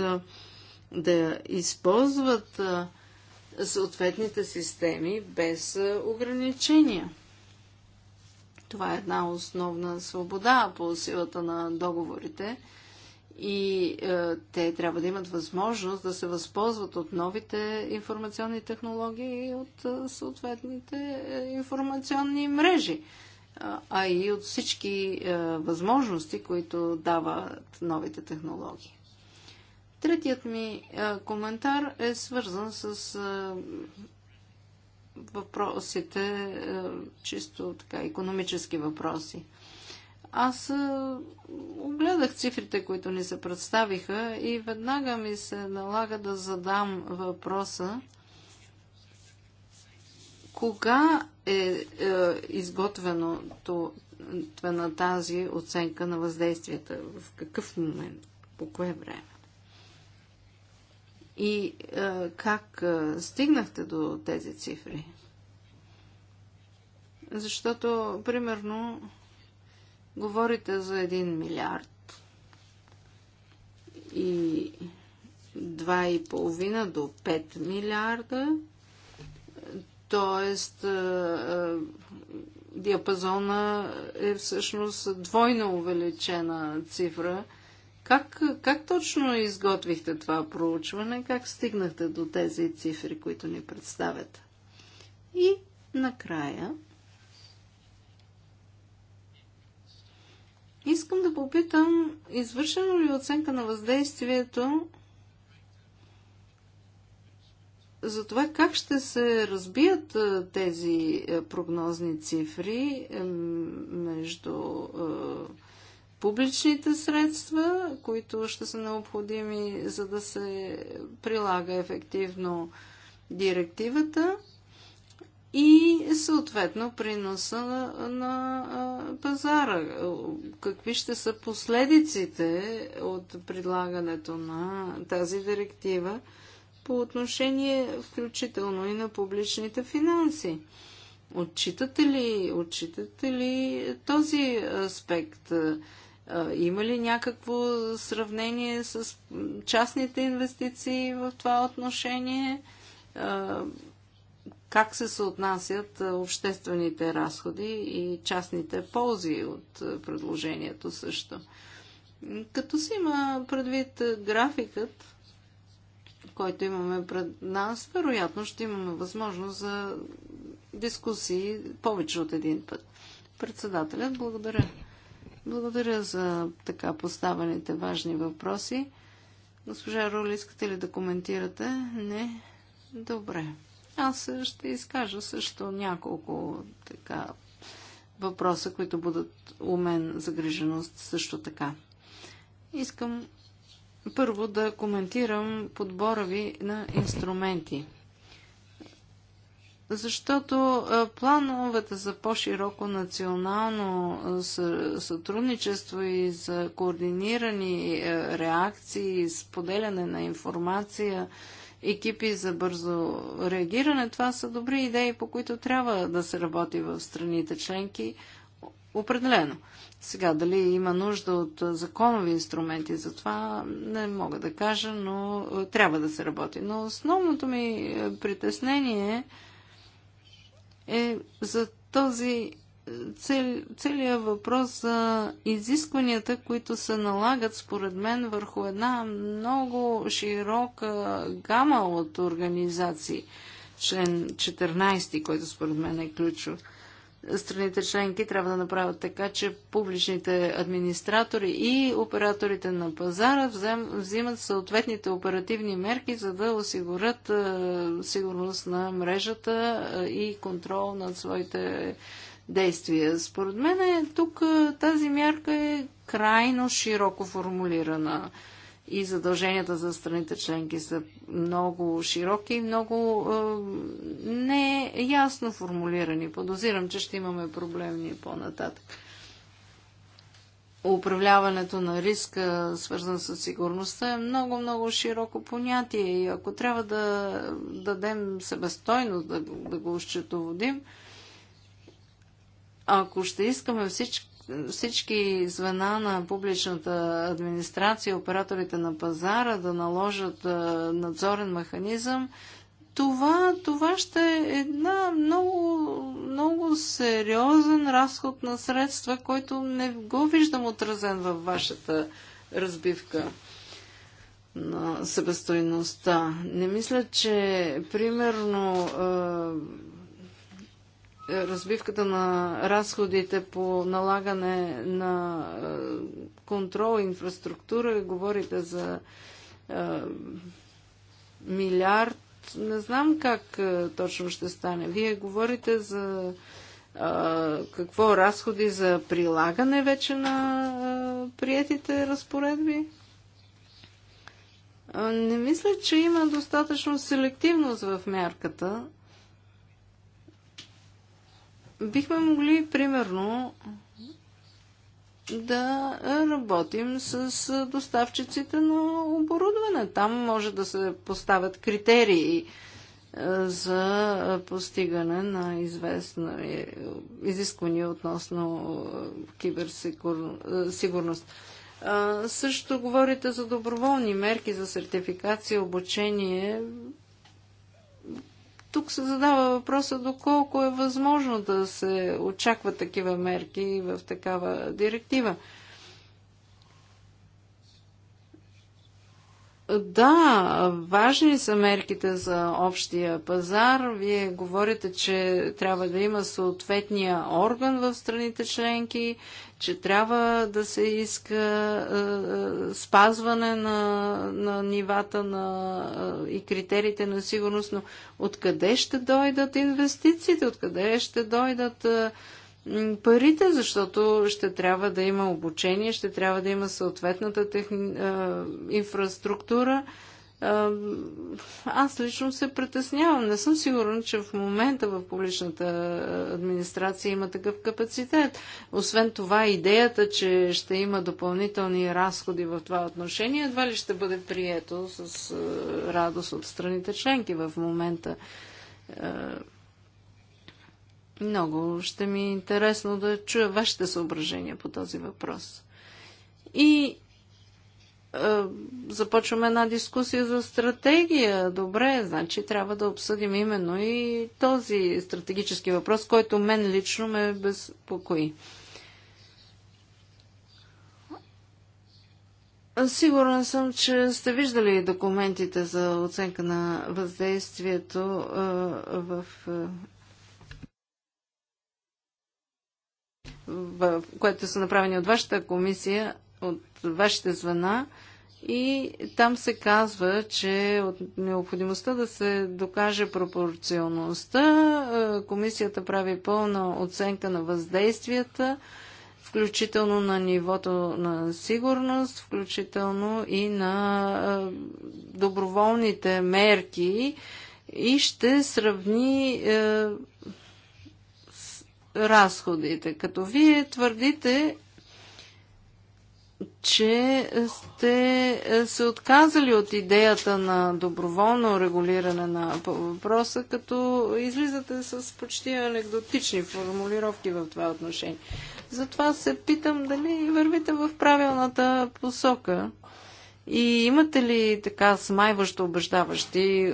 да използват съответните системи без ограничения. Това е една основна свобода по силата на договорите – и е, те трябва да имат възможност да се възползват от новите информационни технологии и от е, съответните е, информационни мрежи, а, а и от всички е, възможности, които дават новите технологии. Третият ми е, коментар е свързан с е, въпросите, е, чисто така, економически въпроси. Е, аз огледах цифрите, които ни се представиха и веднага ми се налага да задам въпроса кога е, е изготвено то, на тази оценка на въздействията? В какъв момент? По кое време? И е, как е, стигнахте до тези цифри? Защото, примерно, Говорите за 1 милиард и 2,5 до 5 милиарда, т.е. диапазона е всъщност двойно увеличена цифра. Как, как точно изготвихте това проучване? Как стигнахте до тези цифри, които ни представят? И накрая Искам да попитам, извършено ли е оценка на въздействието за това как ще се разбият тези е, прогнозни цифри между публичните средства, които ще са необходими за да се прилага ефективно директивата и съответно приноса на, на пазара. Какви ще са последиците от предлагането на тази директива по отношение включително и на публичните финанси? Отчитате ли, отчитате ли този аспект? Има ли някакво сравнение с частните инвестиции в това отношение? как се съотнасят обществените разходи и частните ползи от предложението също. Като си има предвид графикът, който имаме пред нас, вероятно ще имаме възможност за дискусии повече от един път. Председателят, благодаря. Благодаря за така поставените важни въпроси. Госпожа Роли, искате ли да коментирате? Не. Добре. Аз ще изкажа също няколко така, въпроса, които будат у мен загриженост също така. Искам първо да коментирам подбора ви на инструменти. Защото плановете за по-широко национално сътрудничество и за координирани реакции, споделяне на информация, екипи за бързо реагиране. Това са добри идеи, по които трябва да се работи в страните членки. Определено. Сега, дали има нужда от законови инструменти за това, не мога да кажа, но е, трябва да се работи. Но основното ми е, притеснение е за този цел, целият въпрос за изискванията, които се налагат според мен върху една много широка гама от организации. Член 14, който според мен е ключов. Страните членки трябва да направят така, че публичните администратори и операторите на пазара взем, взимат съответните оперативни мерки, за да осигурят е, сигурност на мрежата е, и контрол над своите действия. Според мен е, тук тази мярка е крайно широко формулирана и задълженията за страните членки са много широки и много е, неясно формулирани. Подозирам, че ще имаме проблеми по-нататък. Управляването на риска, свързан с сигурността, е много-много широко понятие и ако трябва да дадем себестойност, да, да го счетоводим, ако ще искаме всички всички звена на публичната администрация, операторите на пазара да наложат надзорен механизъм, това, това ще е една много, много сериозен разход на средства, който не го виждам отразен във вашата разбивка на себестойността. Не мисля, че примерно разбивката на разходите по налагане на е, контрол, инфраструктура, говорите за е, милиард. Не знам как е, точно ще стане. Вие говорите за какво разходи за прилагане вече на приятите разпоредби? Не мисля, че има достатъчно селективност в мярката бихме могли, примерно, да работим с доставчиците на оборудване. Там може да се поставят критерии е, за постигане на известни е, изисквания относно е, киберсигурност. Също говорите за доброволни мерки за сертификация, обучение. Тук се задава въпроса доколко е възможно да се очакват такива мерки в такава директива. Да, важни са мерките за общия пазар. Вие говорите, че трябва да има съответния орган в страните членки, че трябва да се иска е, е спазване на, на нивата на, е, и критериите на сигурност, но откъде ще дойдат инвестициите, откъде ще дойдат. Е, парите, защото ще трябва да има обучение, ще трябва да има съответната техни... инфраструктура. Аз лично се притеснявам. Не съм сигурна, че в момента в публичната администрация има такъв капацитет. Освен това, идеята, че ще има допълнителни разходи в това отношение, едва ли ще бъде прието с радост от страните членки в момента много ще ми е интересно да чуя вашите съображения по този въпрос. И е, започваме една дискусия за стратегия. Добре, значи трябва да обсъдим именно и този стратегически въпрос, който мен лично ме безпокои. Сигурен съм, че сте виждали документите за оценка на въздействието е, в което са направени от вашата комисия, от вашите звена, и там се казва, че от необходимостта да се докаже пропорционалността, е, комисията прави пълна оценка на въздействията, включително на нивото на сигурност, включително и на е, доброволните мерки и ще сравни е, разходите, като вие твърдите, че сте е, се отказали от идеята на доброволно регулиране на въпроса, като излизате с почти анекдотични формулировки в това отношение. Затова се питам дали вървите в правилната посока. И имате ли така смайващо убеждаващи е,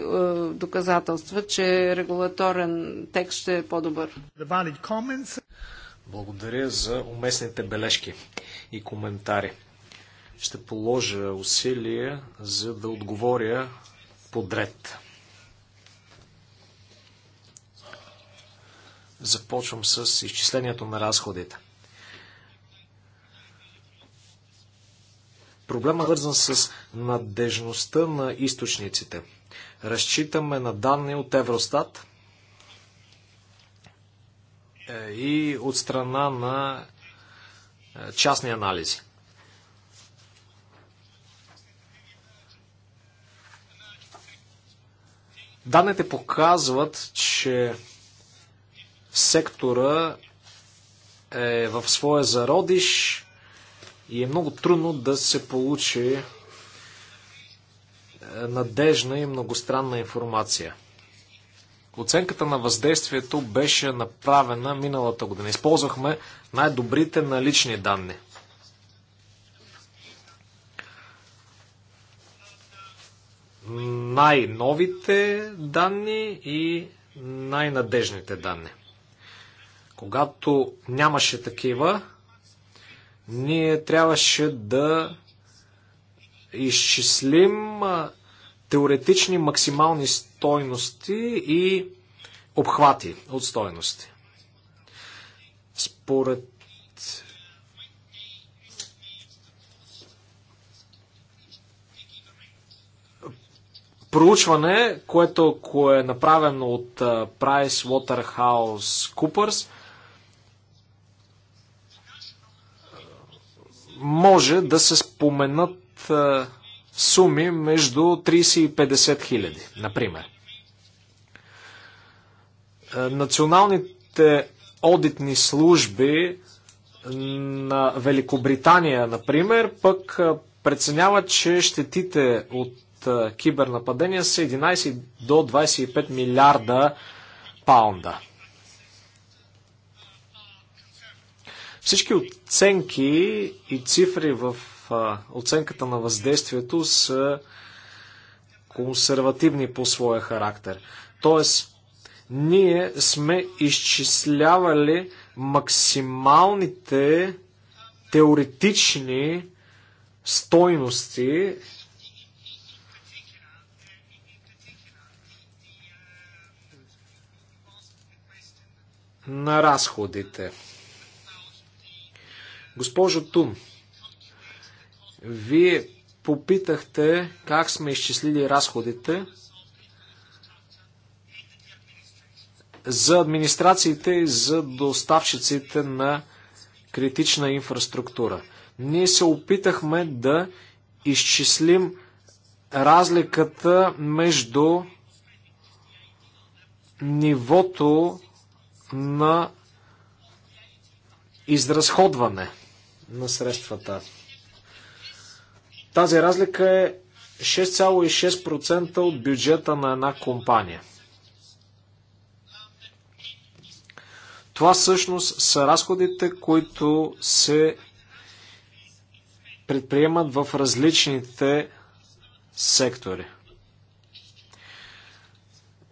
доказателства, че регулаторен текст ще е по-добър? Благодаря за уместните бележки и коментари. Ще положа усилия, за да отговоря подред. Започвам с изчислението на разходите. Проблема е вързан с надежността на източниците. Разчитаме на данни от Евростат е, и от страна на е, частни анализи. Данните показват, че сектора е в своя зародиш, и е много трудно да се получи е, надежна и многостранна информация. Оценката на въздействието беше направена миналата година. Използвахме най-добрите налични данни. Най-новите данни и най-надежните данни. Когато нямаше такива, ние трябваше да изчислим теоретични максимални стойности и обхвати от стойности. Според проучване, което ако е направено от PricewaterhouseCoopers, може да се споменат е, суми между 30 и 50 хиляди, например. Е, националните одитни служби на Великобритания, например, пък е, преценяват, че щетите от кибернападения са 11 до 25 милиарда паунда. Всички оценки и цифри в оценката на въздействието са консервативни по своя характер. Тоест, ние сме изчислявали максималните теоретични стойности на разходите. Госпожо Тун, вие попитахте как сме изчислили разходите за администрациите и за доставчиците на критична инфраструктура. Ние се опитахме да изчислим разликата между нивото на изразходване на средствата. Тази разлика е 6,6% от бюджета на една компания. Това всъщност са разходите, които се предприемат в различните сектори.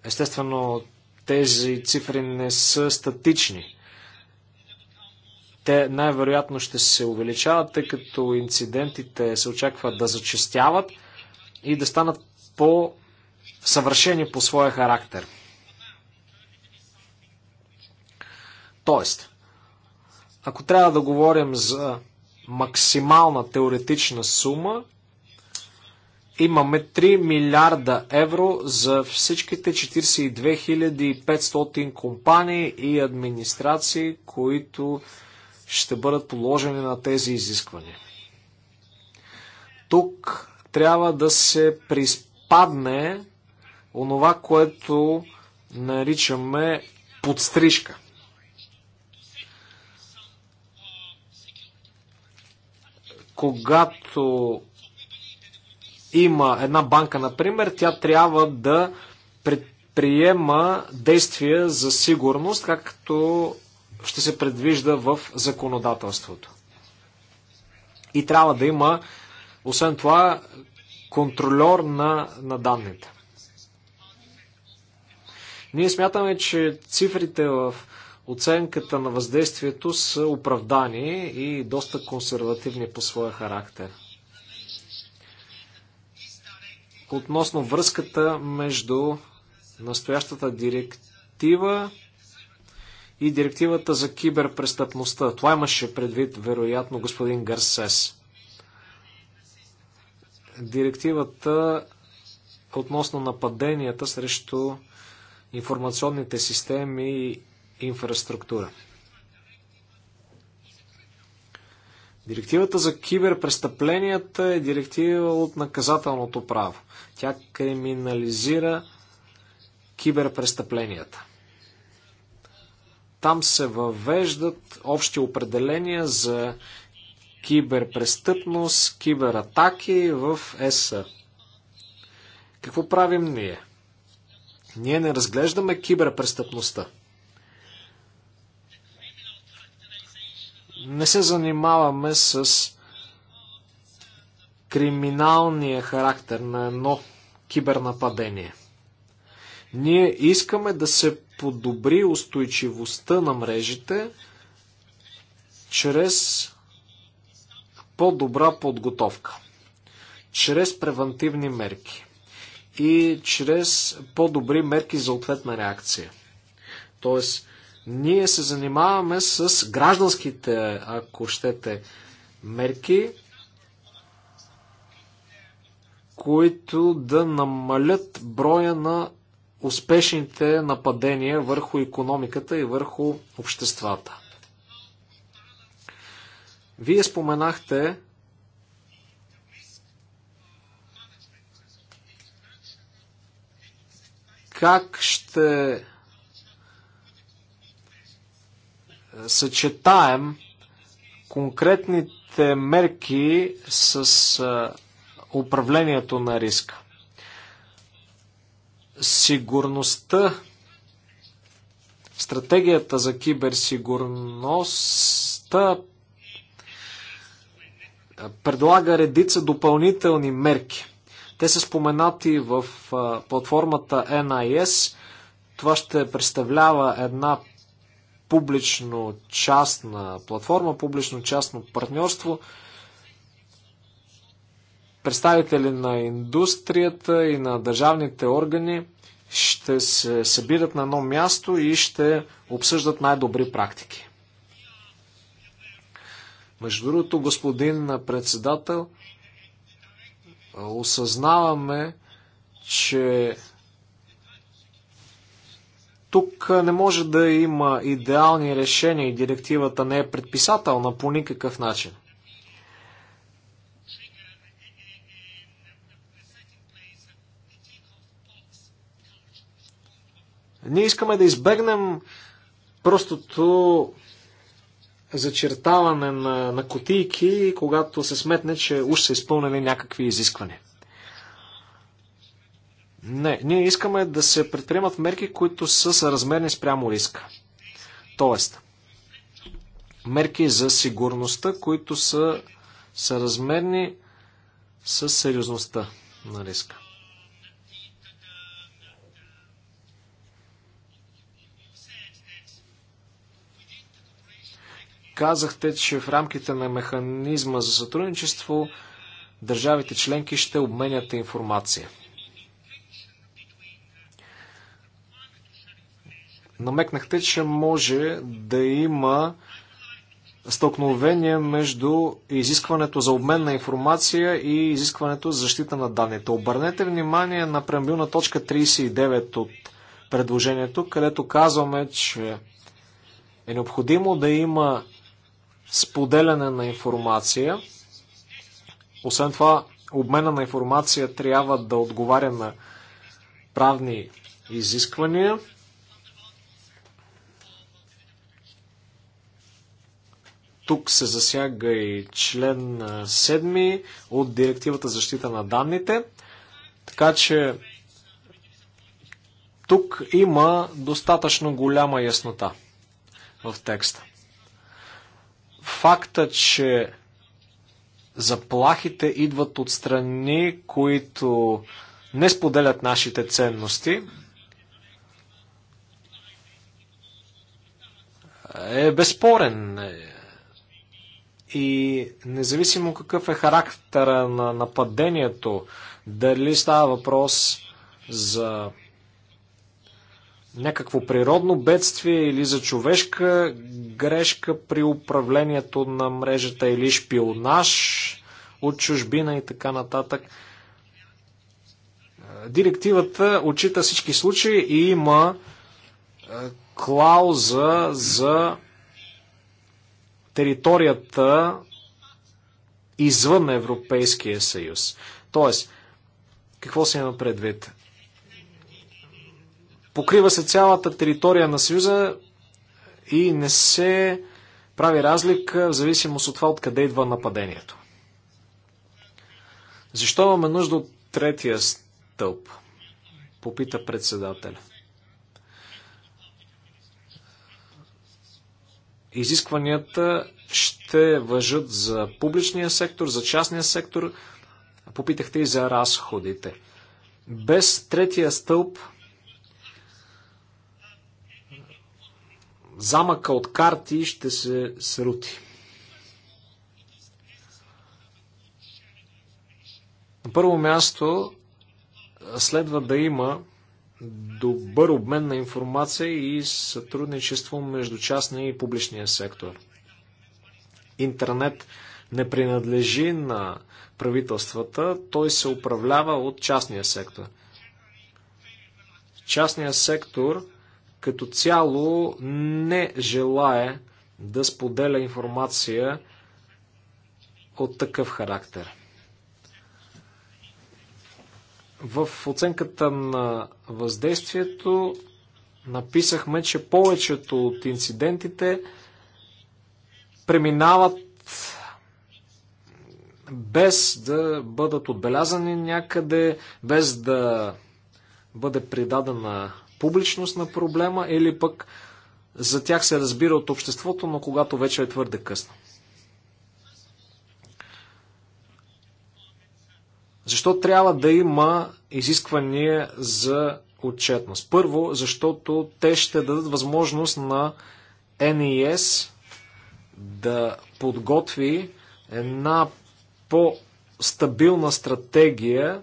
Естествено, тези цифри не са статични. Те най-вероятно ще се увеличават, тъй като инцидентите се очакват да зачестяват и да станат по-съвършени по своя характер. Тоест, ако трябва да говорим за максимална теоретична сума, имаме 3 милиарда евро за всичките 42 500 компании и администрации, които ще бъдат положени на тези изисквания. Тук трябва да се приспадне онова, което наричаме подстрижка. Когато има една банка, например, тя трябва да предприема действия за сигурност, както ще се предвижда в законодателството. И трябва да има, освен това, контролер на, на данните. Ние смятаме, че цифрите в оценката на въздействието са оправдани и доста консервативни по своя характер. Относно връзката между настоящата директива и директивата за киберпрестъпността. Това имаше предвид, вероятно, господин Гарсес. Директивата относно нападенията срещу информационните системи и инфраструктура. Директивата за киберпрестъпленията е директива от наказателното право. Тя криминализира киберпрестъпленията. Там се въвеждат общи определения за киберпрестъпност, кибератаки в ЕС. Какво правим ние? Ние не разглеждаме киберпрестъпността. Не се занимаваме с криминалния характер на едно кибернападение – ние искаме да се подобри устойчивостта на мрежите чрез по-добра подготовка, чрез превентивни мерки и чрез по-добри мерки за ответна реакция. Тоест, ние се занимаваме с гражданските, ако щете, мерки, които да намалят броя на успешните нападения върху економиката и върху обществата. Вие споменахте как ще съчетаем конкретните мерки с управлението на риска. Сигурността, стратегията за киберсигурността предлага редица допълнителни мерки. Те са споменати в платформата NIS. Това ще представлява една публично-частна платформа, публично-частно партньорство – представители на индустрията и на държавните органи ще се събират на едно място и ще обсъждат най-добри практики. Между другото, господин председател, осъзнаваме, че тук не може да има идеални решения и директивата не е предписателна по никакъв начин. Ние искаме да избегнем простото зачертаване на, на котийки, когато се сметне, че уж са изпълнени някакви изисквания. Не, ние искаме да се предприемат мерки, които са съразмерни спрямо риска. Тоест, мерки за сигурността, които са съразмерни с сериозността на риска. Казахте, че в рамките на механизма за сътрудничество държавите членки ще обменят информация. Намекнахте, че може да има стълкновение между изискването за обмен на информация и изискването за защита на данните. Обърнете внимание на преамбилна точка 39 от предложението, където казваме, че е необходимо да има споделяне на информация. Освен това, обмена на информация трябва да отговаря на правни изисквания. Тук се засяга и член 7 от Директивата защита на данните. Така че тук има достатъчно голяма яснота в текста. Факта, че заплахите идват от страни, които не споделят нашите ценности, е безспорен. И независимо какъв е характера на нападението, дали става въпрос за някакво природно бедствие или за човешка грешка при управлението на мрежата или шпионаж от чужбина и така нататък. Директивата отчита всички случаи и има е, клауза за територията извън Европейския съюз. Тоест, какво се има предвид? Покрива се цялата територия на Съюза и не се прави разлика в зависимост от това откъде идва нападението. Защо имаме нужда от третия стълб? Попита председателя. Изискванията ще въжат за публичния сектор, за частния сектор. Попитахте и за разходите. Без третия стълб замъка от карти ще се срути. На първо място следва да има добър обмен на информация и сътрудничество между частния и публичния сектор. Интернет не принадлежи на правителствата, той се управлява от частния сектор. Частният сектор като цяло не желае да споделя информация от такъв характер. В оценката на въздействието написахме, че повечето от инцидентите преминават без да бъдат отбелязани някъде, без да бъде придадена публичност на проблема или пък за тях се разбира от обществото, но когато вече е твърде късно. Защо трябва да има изисквания за отчетност? Първо, защото те ще дадат възможност на NES да подготви една по-стабилна стратегия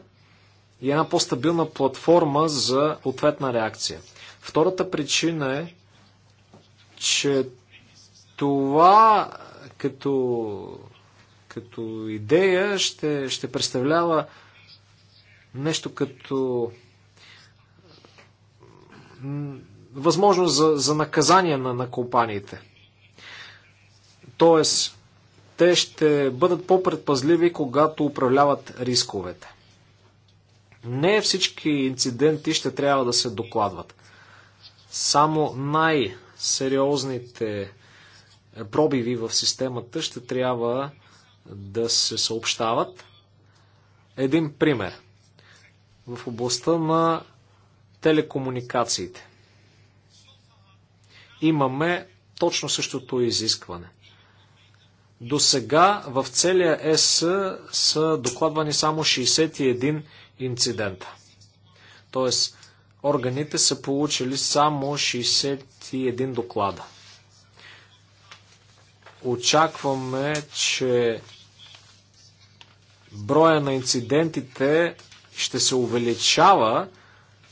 и една по-стабилна платформа за ответна реакция. Втората причина е, че това като, като идея ще, ще представлява нещо като възможност за, за наказание на, на компаниите. Тоест, те ще бъдат по-предпазливи, когато управляват рисковете. Не всички инциденти ще трябва да се докладват. Само най-сериозните е, пробиви в системата ще трябва да се съобщават. Един пример. В областта на телекомуникациите имаме точно същото изискване. До сега в целия ЕС са докладвани само 61 инцидента. Тоест, органите са получили само 61 доклада. Очакваме, че броя на инцидентите ще се увеличава,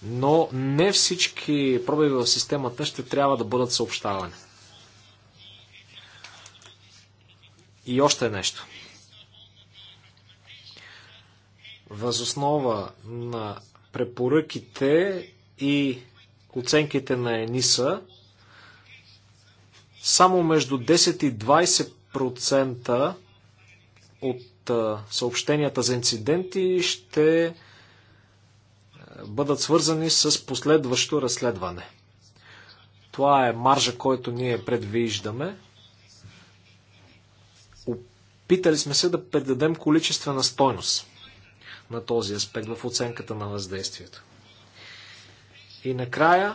но не всички пробиви в системата ще трябва да бъдат съобщавани. И още нещо – Възоснова на препоръките и оценките на ЕНИСА, само между 10 и 20% от съобщенията за инциденти ще бъдат свързани с последващо разследване. Това е маржа, който ние предвиждаме. Опитали сме се да предадем количествена стойност на този аспект в оценката на въздействието. И накрая,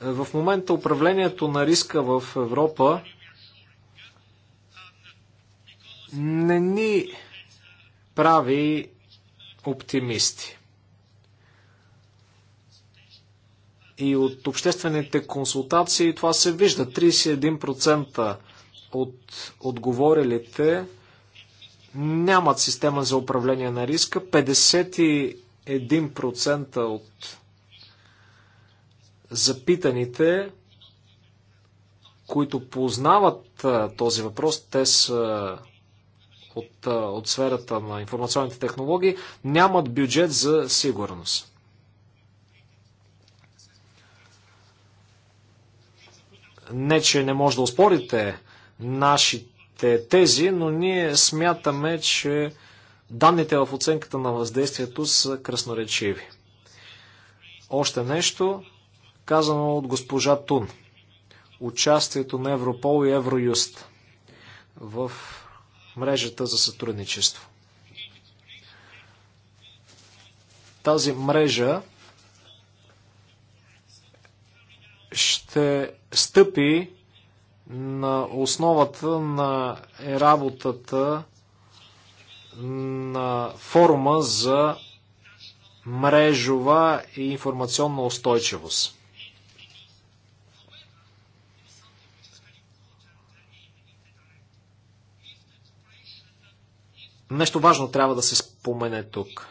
в момента управлението на риска в Европа не ни прави оптимисти. И от обществените консултации това се вижда. 31% от отговорилите нямат система за управление на риска. 51% от запитаните, които познават този въпрос, те са от, от сферата на информационните технологии, нямат бюджет за сигурност. Не, че не може да успорите нашите тези, но ние смятаме, че данните в оценката на въздействието са красноречиви. Още нещо, казано от госпожа Тун. Участието на Европол и Евроюст в мрежата за сътрудничество. Тази мрежа ще стъпи на основата на е работата на форума за мрежова и информационна устойчивост. Нещо важно трябва да се спомене тук.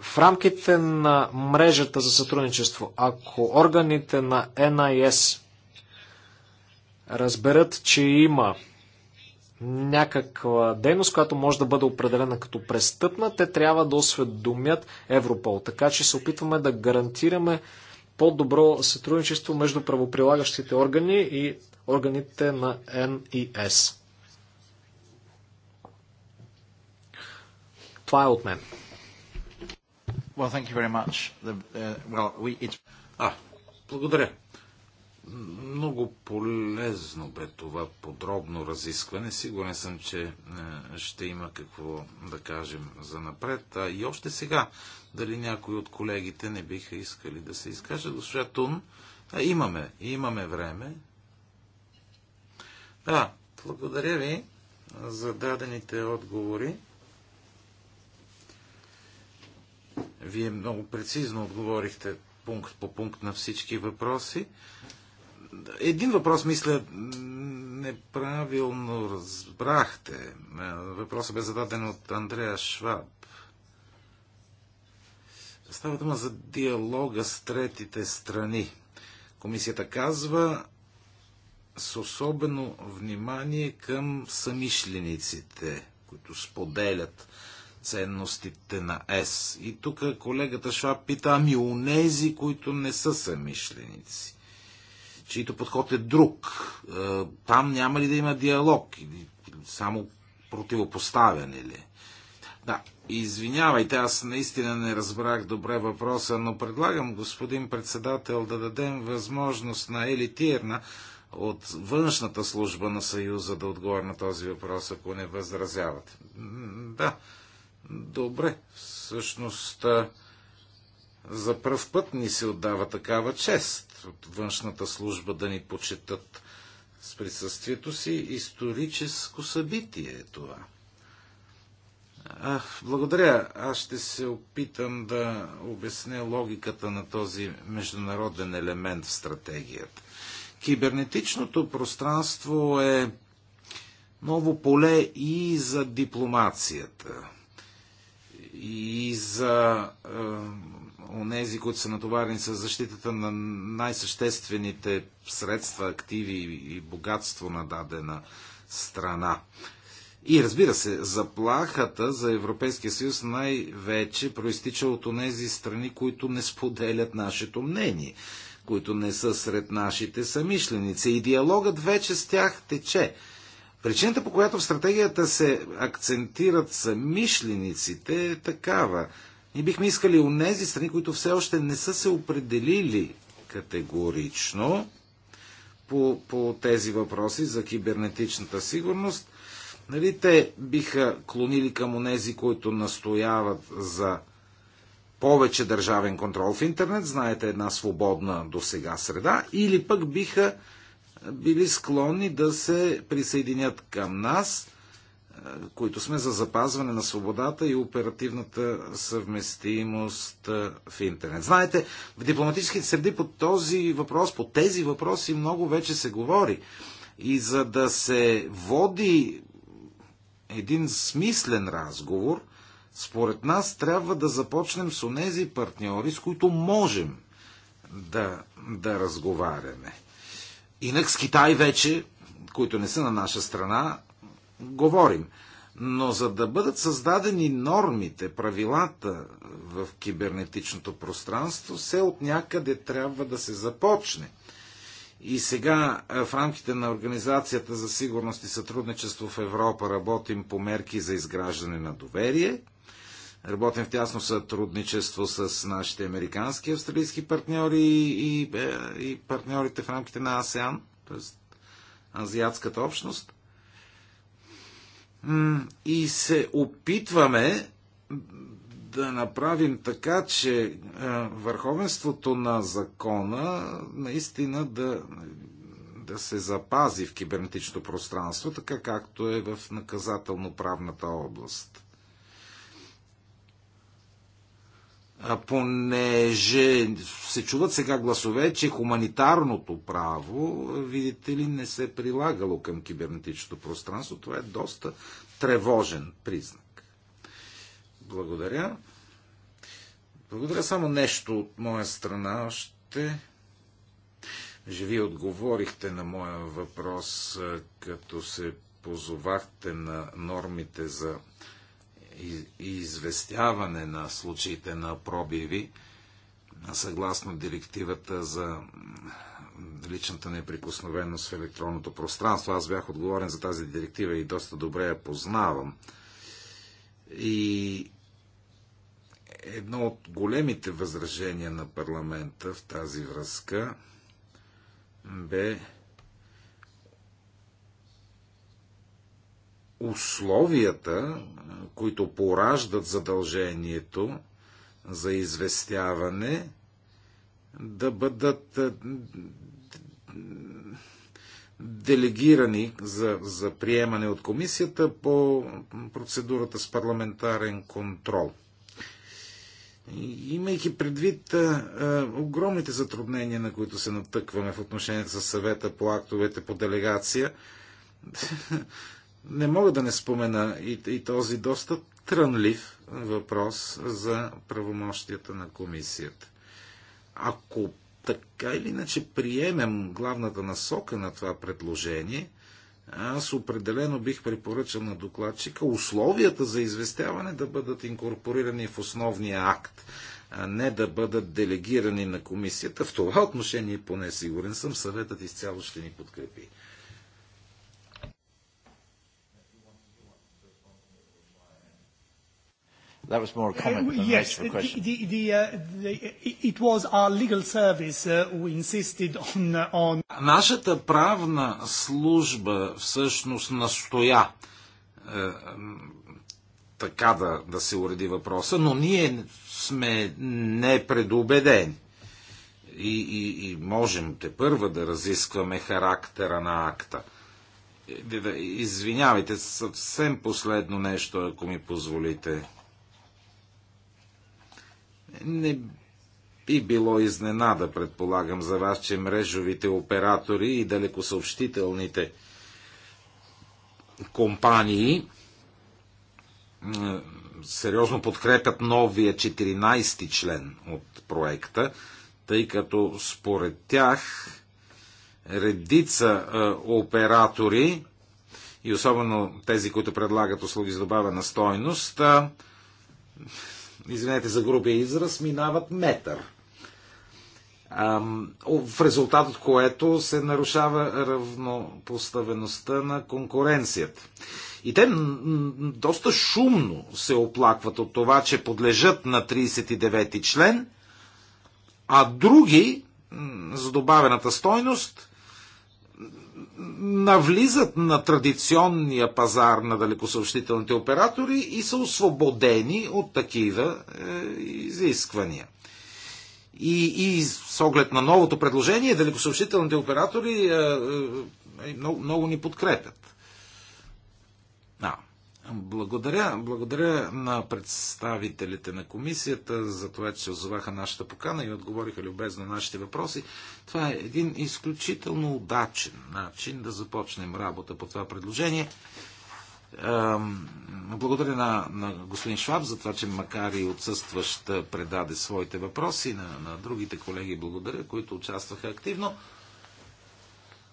В рамките на мрежата за сътрудничество, ако органите на NIS разберат, че има някаква дейност, която може да бъде определена като престъпна, те трябва да осведомят Европол. Така че се опитваме да гарантираме по-добро сътрудничество между правоприлагащите органи и органите на НИС. Това е от мен. Well, thank you very much. The, uh, well, we, благодаря. Много полезно бе това подробно разискване. Сигурен съм, че е, ще има какво да кажем за напред. А и още сега, дали някои от колегите не биха искали да се изкажат. Госпожа Тун, а, имаме, имаме време. Да, благодаря ви за дадените отговори. Вие много прецизно отговорихте пункт по пункт на всички въпроси един въпрос, мисля, неправилно разбрахте. Въпросът бе зададен от Андрея Шваб. Става дума за диалога с третите страни. Комисията казва с особено внимание към самишлениците, които споделят ценностите на ЕС. И тук колегата Шваб пита, ами у нези, които не са самишленици чието подход е друг. Е, там няма ли да има диалог само противопоставяне ли? Да, извинявайте, аз наистина не разбрах добре въпроса, но предлагам, господин председател, да дадем възможност на Ели Тирна от външната служба на Съюза да отговори на този въпрос, ако не възразявате. Да, добре. Всъщност, е, за пръв път ни се отдава такава чест от външната служба да ни почетат с присъствието си. Историческо събитие е това. А, благодаря. Аз ще се опитам да обясня логиката на този международен елемент в стратегията. Кибернетичното пространство е ново поле и за дипломацията, и за онези, които са натоварени с защитата на най-съществените средства, активи и богатство на дадена страна. И разбира се, заплахата за Европейския съюз най-вече проистича от онези страни, които не споделят нашето мнение, които не са сред нашите самишленици. И диалогът вече с тях тече. Причината, по която в стратегията се акцентират самишлениците, е такава – ние бихме искали у нези страни, които все още не са се определили категорично по, по тези въпроси за кибернетичната сигурност, нали, те биха клонили към онези, които настояват за повече държавен контрол в интернет, знаете, една свободна до сега среда, или пък биха били склонни да се присъединят към нас – които сме за запазване на свободата и оперативната съвместимост в интернет. Знаете, в дипломатическите среди по този въпрос, по тези въпроси много вече се говори. И за да се води един смислен разговор, според нас трябва да започнем с онези партньори, с които можем да, да разговаряме. Инак с Китай вече, които не са на наша страна, говорим. Но за да бъдат създадени нормите, правилата в кибернетичното пространство, все от някъде трябва да се започне. И сега в рамките на Организацията за сигурност и сътрудничество в Европа работим по мерки за изграждане на доверие. Работим в тясно сътрудничество с нашите американски и австралийски партньори и, и е, партньорите в рамките на АСЕАН, т.е. Азиатската общност – и се опитваме да направим така, че е, върховенството на закона наистина да, да се запази в кибернетичното пространство, така както е в наказателно-правната област. понеже се чуват сега гласове, че хуманитарното право, видите ли, не се е прилагало към кибернетичното пространство. Това е доста тревожен признак. Благодаря. Благодаря само нещо от моя страна още. Же вие отговорихте на моя въпрос, като се позовахте на нормите за и известяване на случаите на пробиви, съгласно директивата за личната неприкосновеност в електронното пространство. Аз бях отговорен за тази директива и доста добре я познавам. И едно от големите възражения на парламента в тази връзка бе условията, които пораждат задължението за известяване, да бъдат делегирани за, за приемане от комисията по процедурата с парламентарен контрол. Имайки предвид а, огромните затруднения, на които се натъкваме в отношенията с съвета по актовете по делегация, не мога да не спомена и, и този доста трънлив въпрос за правомощията на комисията. Ако така или иначе приемем главната насока на това предложение, аз определено бих препоръчал на докладчика условията за известяване да бъдат инкорпорирани в основния акт, а не да бъдат делегирани на комисията. В това отношение поне сигурен съм, съветът изцяло ще ни подкрепи. That was more a comment uh, than an actual question. Yes. The, uh, the, it was our legal service uh, who insisted on, uh, on... Нашата правна служба всъщност настоя е, така да, да се уреди въпроса, но ние сме непредубедени. И, и, и можем те първа да разискваме характера на акта. Е, извинявайте, съвсем последно нещо, ако ми позволите. Не би било изненада, предполагам за вас, че мрежовите оператори и далекосъобщителните компании сериозно подкрепят новия 14-ти член от проекта, тъй като според тях редица е, оператори и особено тези, които предлагат услуги за добавена стойност, е, извинете за грубия израз, минават метър. В резултат от което се нарушава равнопоставеността на конкуренцията. И те доста шумно се оплакват от това, че подлежат на 39 ти член, а други, за добавената стойност, навлизат на традиционния пазар на далекосъобщителните оператори и са освободени от такива е, изисквания. И, и с оглед на новото предложение, далекосъобщителните оператори е, е, е много, много ни подкрепят. Благодаря, благодаря на представителите на комисията за това, че се озоваха нашата покана и отговориха любезно на нашите въпроси. Това е един изключително удачен начин да започнем работа по това предложение. Благодаря на, на господин Шваб за това, че макар и отсъстващ предаде своите въпроси на, на другите колеги. Благодаря, които участваха активно.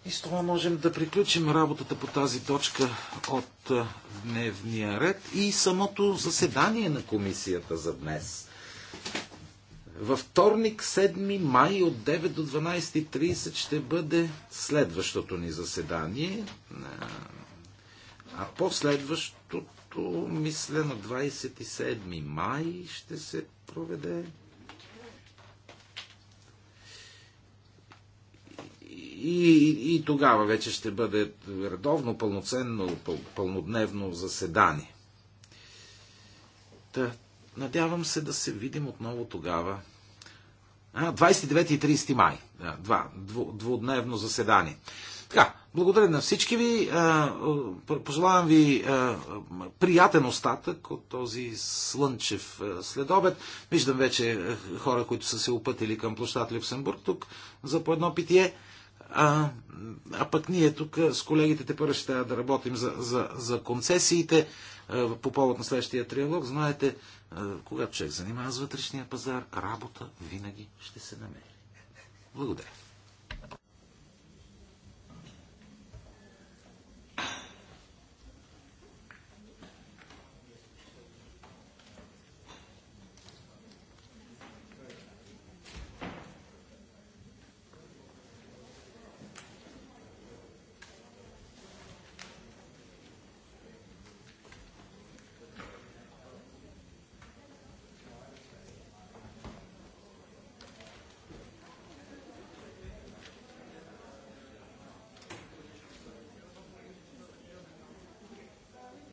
И с това можем да приключим работата по тази точка от дневния ред и самото заседание на комисията за днес. Във вторник, 7 май от 9 до 12.30 ще бъде следващото ни заседание. А последващото, мисля, на 27 май ще се проведе И, и тогава вече ще бъде редовно, пълноценно, пъл, пълнодневно заседание. Та, надявам се да се видим отново тогава. А, 29 и 30 май. Два, дву, двудневно заседание. Така, благодаря на всички ви. Пожелавам ви приятен остатък от този слънчев следобед. Виждам вече хора, които са се опътили към площад Люксембург тук за по едно питие. А, а пък ние тук с колегите те първо ще трябва да работим за, за, за концесиите по повод на следващия триалог. Знаете, когато човек занимава с вътрешния пазар, работа винаги ще се намери. Благодаря.